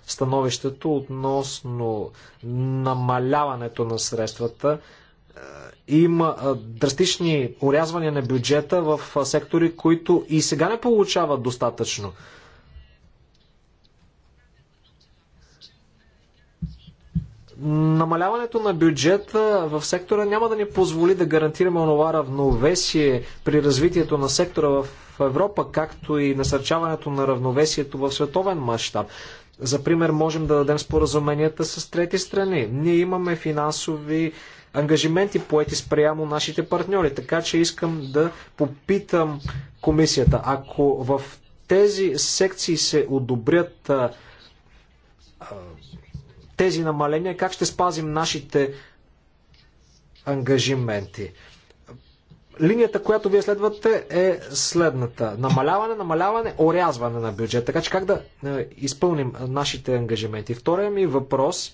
D: становището относно намаляването на средствата. Е, има драстични урязвания на бюджета в сектори, които и сега не получават достатъчно. намаляването на бюджета в сектора няма да ни позволи да гарантираме онова равновесие при развитието на сектора в Европа, както и насърчаването на равновесието в световен мащаб. За пример, можем да дадем споразуменията с трети страни. Ние имаме финансови ангажименти поети спрямо нашите партньори, така че искам да попитам комисията. Ако в тези секции се одобрят а, а, тези намаления, как ще спазим нашите ангажименти? линията, която вие следвате е следната. Намаляване, намаляване, орязване на бюджет. Така че как да е, изпълним нашите ангажименти? Втория ми въпрос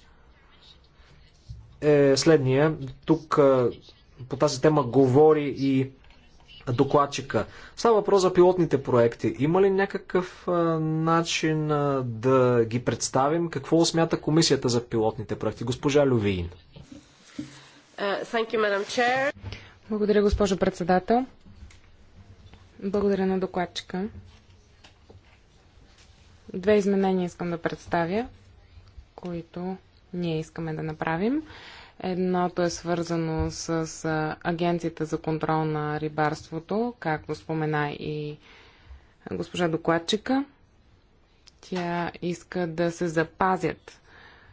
D: е следния. Тук е, по тази тема говори и докладчика. Става въпрос за пилотните проекти. Има ли някакъв е, начин да ги представим? Какво смята комисията за пилотните проекти? Госпожа Лювиин.
C: Uh, you, благодаря, госпожо председател. Благодаря на докладчика. Две изменения искам да представя, които ние искаме да направим. Едното е свързано с Агенцията за контрол на рибарството, както спомена и госпожа докладчика. Тя иска да се запазят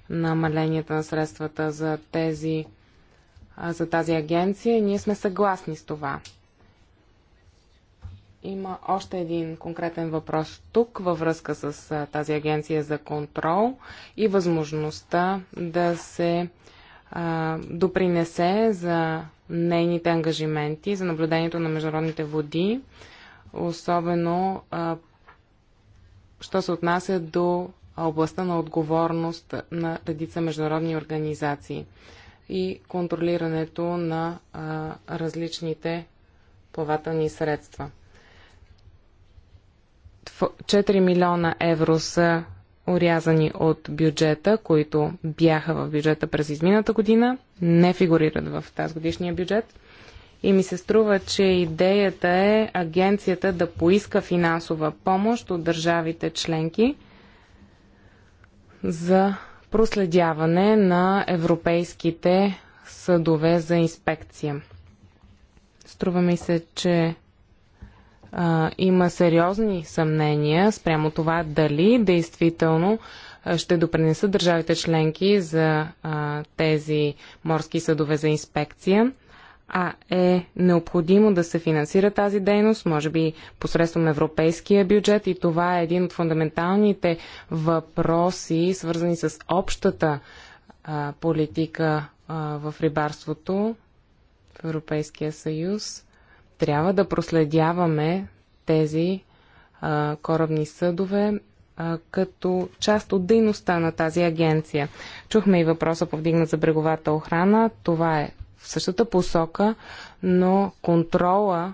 C: намаленията на средствата за тези за тази агенция и ние сме съгласни с това. Има още един конкретен въпрос тук във връзка с тази агенция за контрол и възможността да се а, допринесе за нейните ангажименти, за наблюдението на международните води, особено а, що се отнася до областта на отговорност на редица международни организации и контролирането на а, различните плавателни средства. 4 милиона евро са урязани от бюджета, които бяха в бюджета през измината година, не фигурират в тази годишния бюджет. И ми се струва, че идеята е агенцията да поиска финансова помощ от държавите членки за проследяване на европейските съдове за инспекция. Струва ми се, че а, има сериозни съмнения спрямо това дали действително ще допринесат държавите членки за а, тези морски съдове за инспекция а е необходимо да се финансира тази дейност, може би посредством европейския бюджет и това е един от фундаменталните въпроси, свързани с общата а, политика а, в рибарството в Европейския съюз. Трябва да проследяваме тези а, корабни съдове като част от дейността на тази агенция. Чухме и въпроса повдигнат за бреговата охрана. Това е в същата посока, но контрола,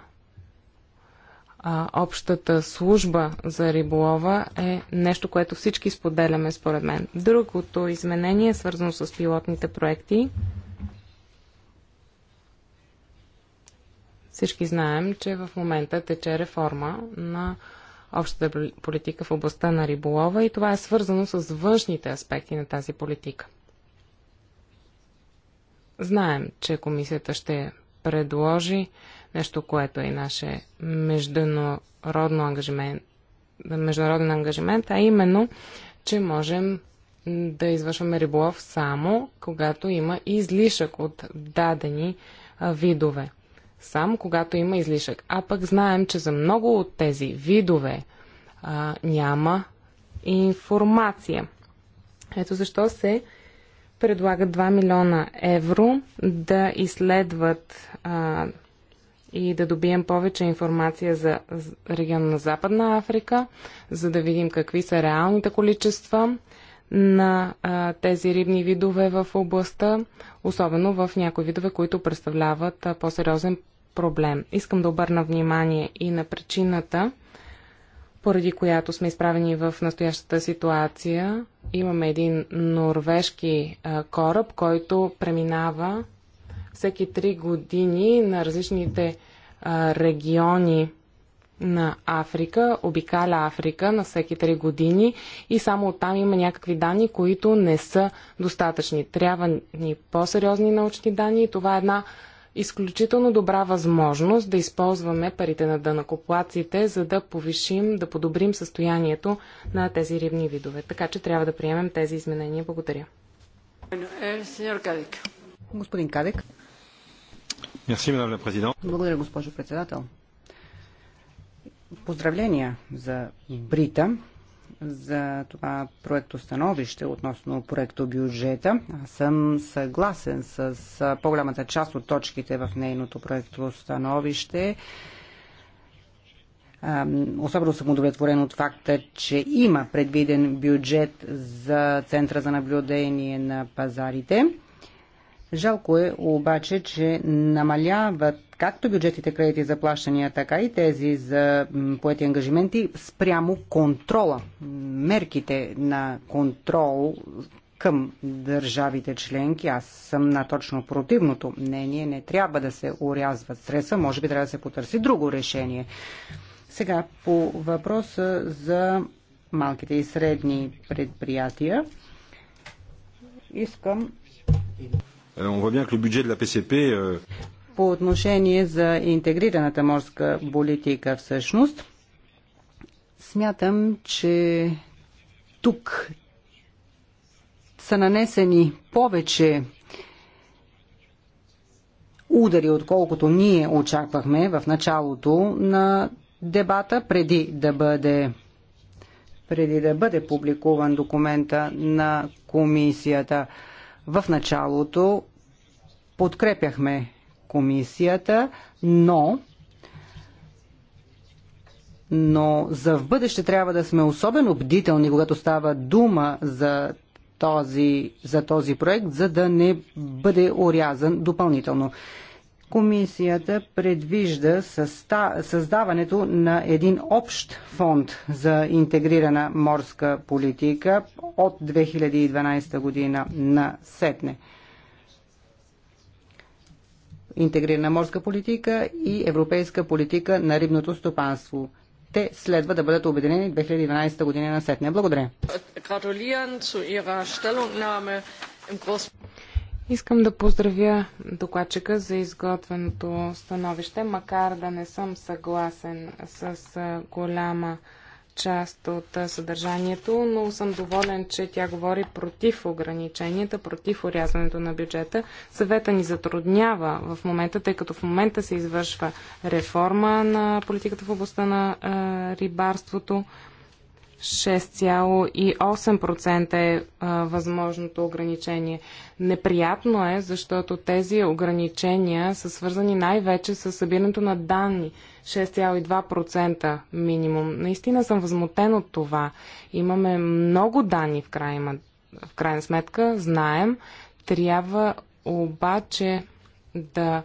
C: а, общата служба за риболова е нещо, което всички споделяме според мен. Другото изменение е свързано с пилотните проекти. Всички знаем, че в момента тече реформа на общата политика в областта на риболова и това е свързано с външните аспекти на тази политика. Знаем, че комисията ще предложи нещо, което е и наше международно ангажимент, международен ангажимент, а именно, че можем да извършваме риболов само когато има излишък от дадени видове. Само когато има излишък. А пък знаем, че за много от тези видове а, няма информация. Ето защо се предлагат 2 милиона евро да изследват а, и да добием повече информация за региона на Западна Африка, за да видим какви са реалните количества на а, тези рибни видове в областта, особено в някои видове, които представляват по-сериозен проблем. Искам да обърна внимание и на причината поради която сме изправени в настоящата ситуация. Имаме един норвежки а, кораб, който преминава всеки три години на различните а, региони на Африка, обикаля Африка на всеки три години и само там има някакви данни, които не са достатъчни. Трябва ни по-сериозни научни данни и това е една изключително добра възможност да използваме парите на дънакоплаците, за да повишим, да подобрим състоянието на тези рибни видове. Така че трябва да приемем тези изменения. Благодаря. Господин Кадек.
B: Благодаря, госпожо председател. Поздравления за Брита за това становище относно проекто бюджета. Аз съм съгласен с по-голямата част от точките в нейното становище. Особено съм удовлетворен от факта, че има предвиден бюджет за центра за наблюдение на пазарите Жалко е обаче, че намаляват както бюджетите кредити за плащания, така и тези за поети ангажименти спрямо контрола, мерките на контрол към държавите членки. Аз съм на точно противното мнение. Не трябва да се урязват средства. Може би трябва да се потърси друго решение. Сега по въпроса за малките и средни предприятия. Искам
C: Euh, on voit bien que le budget de la PCP... Euh,
B: По отношение за интегрираната морска политика всъщност, смятам, че тук са нанесени повече удари, отколкото ние очаквахме в началото на дебата, преди да бъде преди да бъде публикуван документа на комисията. В началото подкрепяхме комисията, но но за в бъдеще трябва да сме особено бдителни, когато става дума за този, за този проект, за да не бъде орязан допълнително. Комисията предвижда създаването на един общ фонд за интегрирана морска политика от 2012 година на Сетне. Интегрирана морска политика и европейска политика на рибното стопанство. Те следва да бъдат обединени 2012 година на Сетне. Благодаря.
C: Искам да поздравя докладчика за изготвеното становище, макар да не съм съгласен с голяма част от съдържанието, но съм доволен, че тя говори против ограниченията, против урязването на бюджета. Съвета ни затруднява в момента, тъй като в момента се извършва реформа на политиката в областта на рибарството. 6,8% е а, възможното ограничение. Неприятно е, защото тези ограничения са свързани най-вече с събирането на данни. 6,2% минимум. Наистина съм възмутен от това. Имаме много данни в, крайна, в крайна сметка, знаем. Трябва обаче да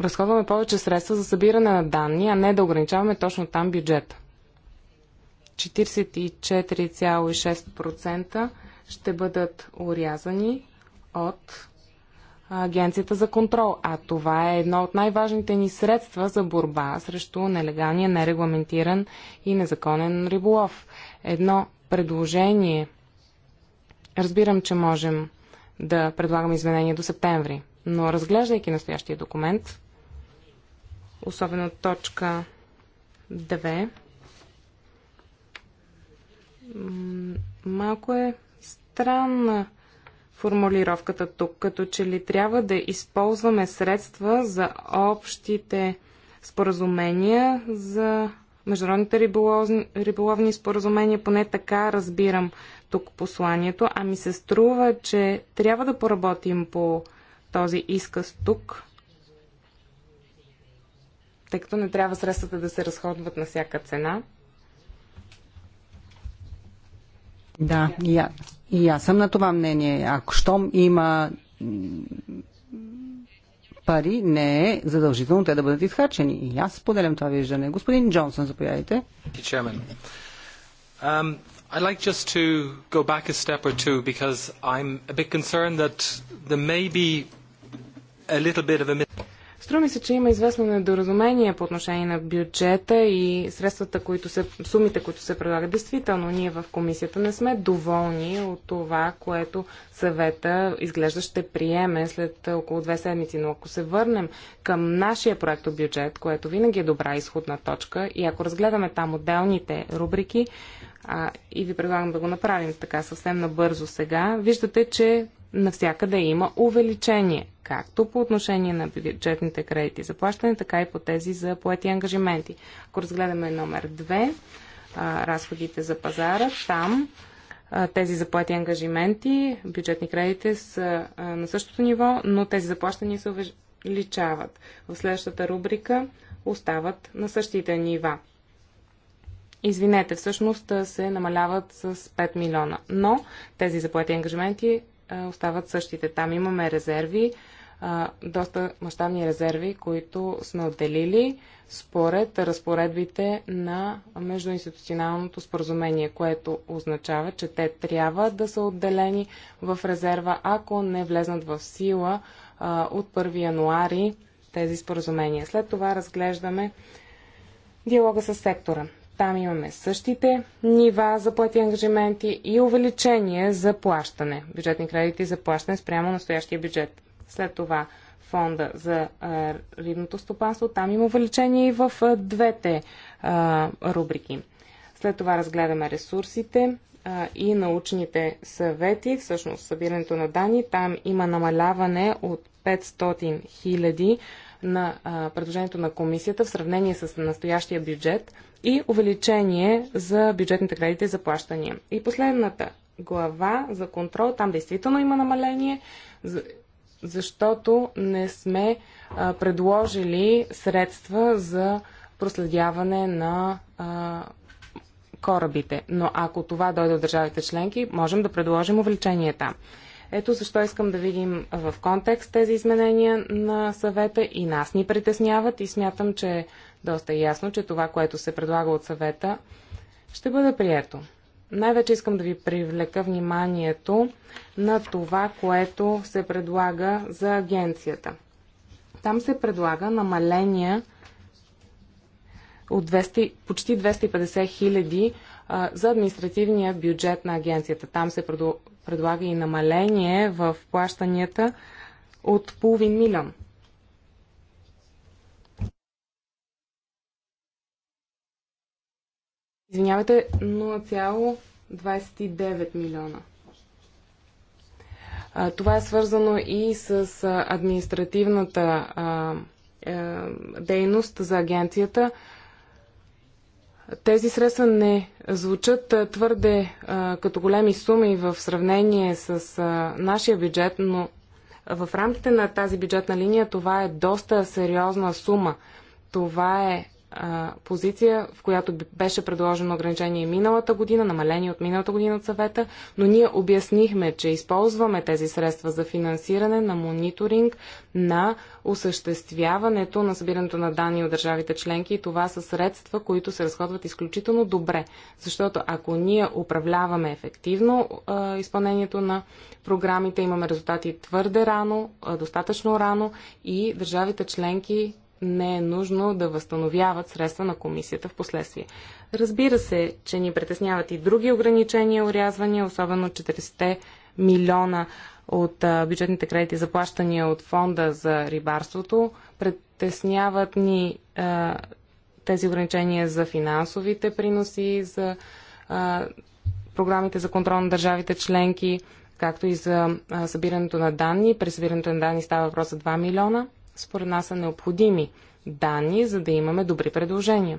C: разходваме повече средства за събиране на данни, а не да ограничаваме точно там бюджета. 44,6% ще бъдат урязани от Агенцията за контрол. А това е едно от най-важните ни средства за борба срещу нелегалния, нерегламентиран и незаконен риболов. Едно предложение. Разбирам, че можем да предлагаме изменения до септември, но разглеждайки настоящия документ, особено точка 2, Малко е странна формулировката тук, като че ли трябва да използваме средства за общите споразумения за международните риболовни, риболовни споразумения, поне така разбирам тук посланието, а ми се струва, че трябва да поработим по този изказ тук, тъй като не трябва средствата да се разходват на всяка цена.
B: Да, и, я, и аз съм на това мнение. Ако щом има пари, не е задължително те да бъдат изхарчени. И аз споделям това виждане. Господин Джонсон, заповядайте.
D: Um, I'd like just to go back a step or two because I'm a bit concerned that there may be a little bit of a
C: Струми се, че има известно недоразумение по отношение на бюджета и средствата, които се, сумите, които се предлагат. Действително, ние в комисията не сме доволни от това, което съвета изглежда ще приеме след около две седмици. Но ако се върнем към нашия проект бюджет, което винаги е добра изходна точка, и ако разгледаме там отделните рубрики, а, и ви предлагам да го направим така съвсем набързо сега, виждате, че навсякъде има увеличение както по отношение на бюджетните кредити за плащане, така и по тези за поети ангажименти. Ако разгледаме номер 2, разходите за пазара, там тези заплати и ангажименти, бюджетни кредити са на същото ниво, но тези заплащания се увеличават. В следващата рубрика остават на същите нива. Извинете, всъщност се намаляват с 5 милиона, но тези заплати и ангажименти остават същите. Там имаме резерви доста мащабни резерви, които сме отделили според разпоредбите на междуинституционалното споразумение, което означава, че те трябва да са отделени в резерва, ако не влезнат в сила а, от 1 януари тези споразумения. След това разглеждаме диалога с сектора. Там имаме същите нива за плати ангажименти и увеличение за плащане. Бюджетни кредити за плащане спрямо настоящия бюджет. След това фонда за рибното стопанство, там има увеличение и в двете рубрики. След това разгледаме ресурсите и научните съвети, всъщност събирането на данни. Там има намаляване от 500 хиляди на предложението на комисията в сравнение с настоящия бюджет и увеличение за бюджетните кредити за плащания. И последната глава за контрол, там действително има намаление защото не сме а, предложили средства за проследяване на а, корабите. Но ако това дойде от държавите членки, можем да предложим увеличение там. Ето защо искам да видим в контекст тези изменения на съвета и нас ни притесняват и смятам, че е доста ясно, че това, което се предлага от съвета, ще бъде прието. Най-вече искам да ви привлека вниманието на това, което се предлага за агенцията. Там се предлага намаление от 200, почти 250 хиляди за административния бюджет на агенцията. Там се предлага и намаление в плащанията от половин милион. Извинявайте, 0,29 милиона. А, това е свързано и с административната а, а, е, дейност за агенцията. Тези средства не звучат твърде като големи суми в сравнение с нашия бюджет, но в рамките на тази бюджетна линия това е доста сериозна сума. Това е позиция, в която беше предложено ограничение миналата година, намаление от миналата година от съвета, но ние обяснихме, че използваме тези средства за финансиране на мониторинг на осъществяването на събирането на данни от държавите членки и това са средства, които се разходват изключително добре. Защото ако ние управляваме ефективно а, изпълнението на програмите, имаме резултати твърде рано, а, достатъчно рано и държавите членки не е нужно да възстановяват средства на комисията в последствие. Разбира се, че ни притесняват и други ограничения, урязвания, особено 40 милиона от бюджетните кредити за плащания от фонда за рибарството. Притесняват ни а, тези ограничения за финансовите приноси, за а, програмите за контрол на държавите членки, както и за а, събирането на данни. При събирането на данни става въпрос за 2 милиона – според нас са необходими данни, за да имаме добри предложения.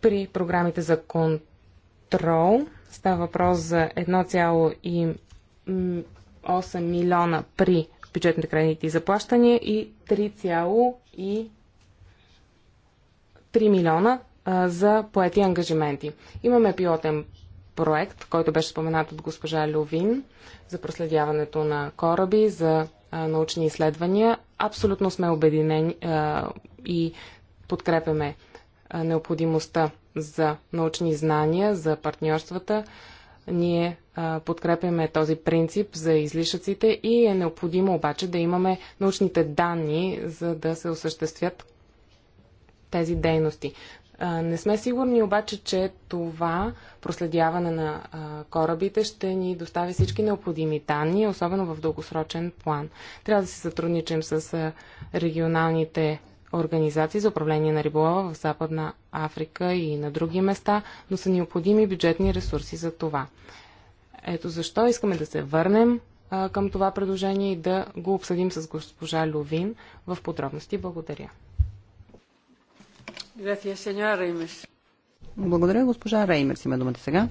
C: При програмите за контрол става въпрос за 1,8 милиона при бюджетните кредити и заплащания и 3,3 милиона за поети ангажименти. Имаме пилотен проект, който беше споменат от госпожа Лювин за проследяването на кораби, за научни изследвания. Абсолютно сме обединени и подкрепяме необходимостта за научни знания, за партньорствата. Ние подкрепяме този принцип за излишъците и е необходимо обаче да имаме научните данни, за да се осъществят тези дейности. Не сме сигурни обаче, че това проследяване на корабите ще ни достави всички необходими данни, особено в дългосрочен план. Трябва да се сътрудничим с регионалните организации за управление на риболова в Западна Африка и на други места, но са необходими бюджетни ресурси за това. Ето защо искаме да се върнем към това предложение и да го обсъдим с госпожа Лювин в подробности. Благодаря.
B: Благодаря, госпожа Реймерс. Има думата сега.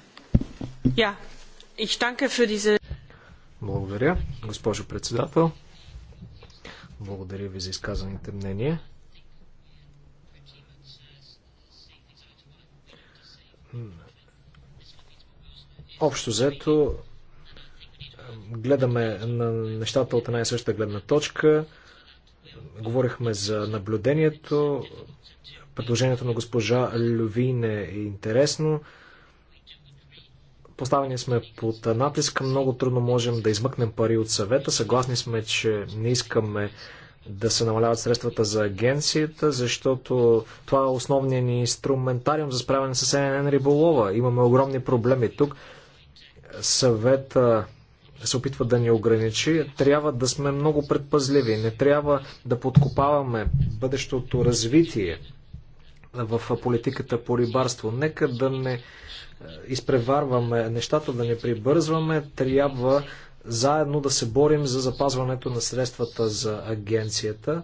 D: Благодаря, госпожо председател. Благодаря ви за изказаните мнения. Общо взето, гледаме на нещата от една и съща гледна точка. Говорихме за наблюдението, Предложението на госпожа Лювин е интересно. Поставени сме под натиск. Много трудно можем да измъкнем пари от съвета. Съгласни сме, че не искаме да се намаляват средствата за агенцията, защото това е основният ни инструментариум за справяне с СНН риболова. Имаме огромни проблеми тук. Съвета се опитва да ни ограничи. Трябва да сме много предпазливи. Не трябва да подкопаваме бъдещото развитие в политиката по рибарство. Нека да не е, изпреварваме нещата, да не прибързваме. Трябва заедно да се борим за запазването на средствата за агенцията.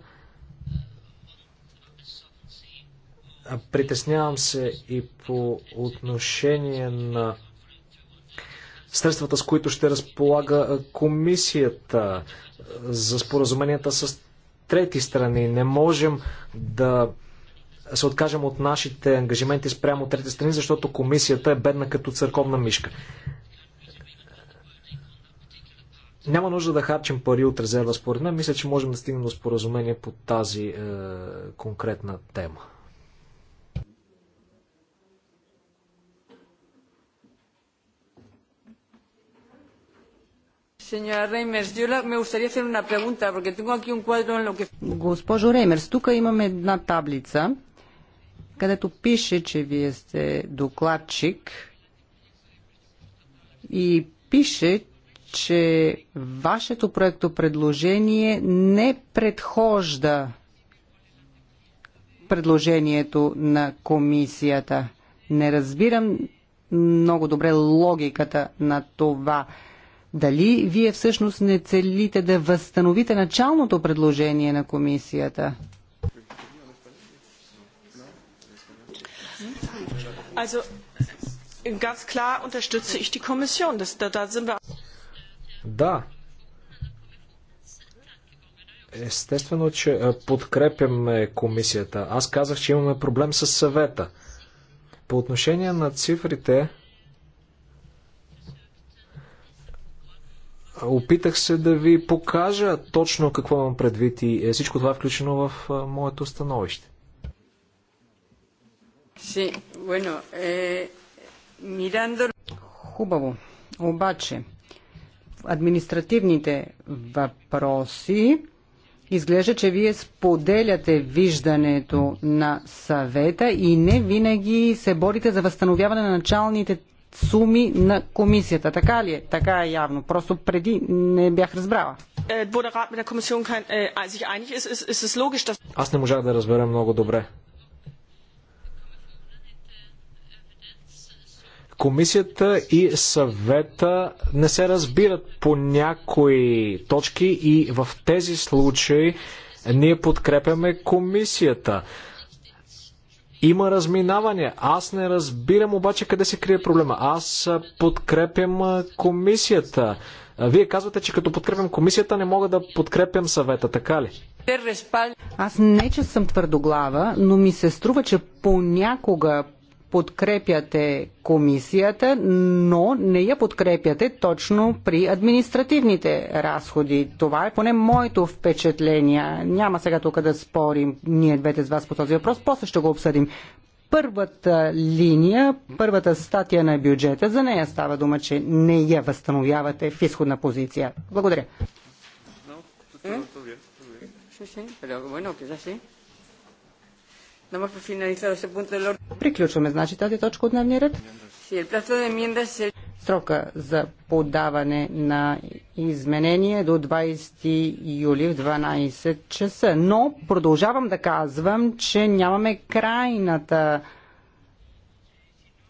D: Притеснявам се и по отношение на средствата, с които ще разполага е, комисията е, за споразуменията с трети страни. Не можем да се откажем от нашите ангажименти спрямо от трети страни, защото комисията е бедна като църковна мишка. Няма нужда да харчим пари от резерва, според мен. Мисля, че можем да стигнем до споразумение по тази е, конкретна тема.
B: Госпожо Реймерс, тук имаме една таблица където пише, че вие сте докладчик и пише, че вашето проекто предложение не предхожда предложението на комисията. Не разбирам много добре логиката на това. Дали вие всъщност не целите да възстановите началното предложение на комисията?
C: Also ganz klar unterstütze ich die Kommission. Das, da, da sind wir.
D: Да. Естествено, че е, подкрепяме комисията. Аз казах, че имаме проблем с съвета. По отношение на цифрите, опитах се да ви покажа точно какво имам предвид и е, всичко това е включено в е, моето становище.
A: Sí, bueno, eh, mirando...
B: Хубаво. Обаче, административните въпроси изглежда, че вие споделяте виждането на съвета и не винаги се борите за възстановяване на началните суми на комисията. Така ли е? Така е явно. Просто преди не бях разбрала.
D: Аз не можах да разбера много добре. Комисията и съвета не се разбират по някои точки и в тези случаи ние подкрепяме комисията. Има разминавания. Аз не разбирам обаче къде се крие проблема. Аз подкрепям комисията. Вие казвате, че като подкрепям комисията, не мога да подкрепям съвета, така ли?
B: Аз не, че съм твърдоглава, но ми се струва, че понякога подкрепяте комисията, но не я подкрепяте точно при административните разходи. Това е поне моето впечатление. Няма сега тук да спорим ние двете с вас по този въпрос, после ще го обсъдим. Първата линия, първата статия на бюджета, за нея става дума, че не я възстановявате в изходна позиция. Благодаря. sí. Е? Приключваме, значи, тази точка от дневния ред. Срока за подаване на изменение до 20 юли в 12 часа. Но продължавам да казвам, че нямаме крайната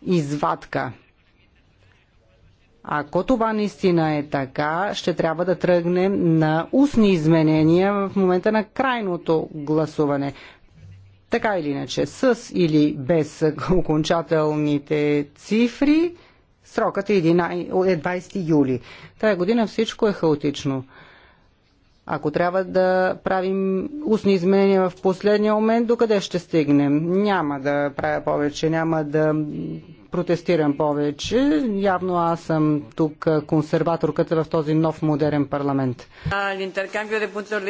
B: извадка. Ако това наистина е така, ще трябва да тръгнем на устни изменения в момента на крайното гласуване. Така или иначе, с или без окончателните цифри, срокът е 20 е юли. Тая година всичко е хаотично. Ако трябва да правим устни изменения в последния момент, докъде ще стигнем? Няма да правя повече, няма да протестирам повече. Явно аз съм тук консерваторката в този нов модерен парламент.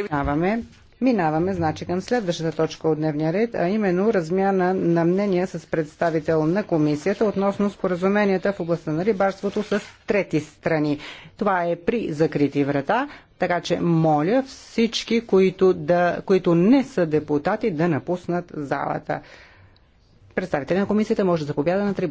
B: Минаваме Минаваме, значи, към следващата точка от дневния ред, а именно размяна на мнения с представител на комисията относно споразуменията в областта на рибарството с трети страни. Това е при закрити врата, така че моля всички, които, да, които не са депутати, да напуснат залата. Представителя на комисията може да заповяда на трибуната.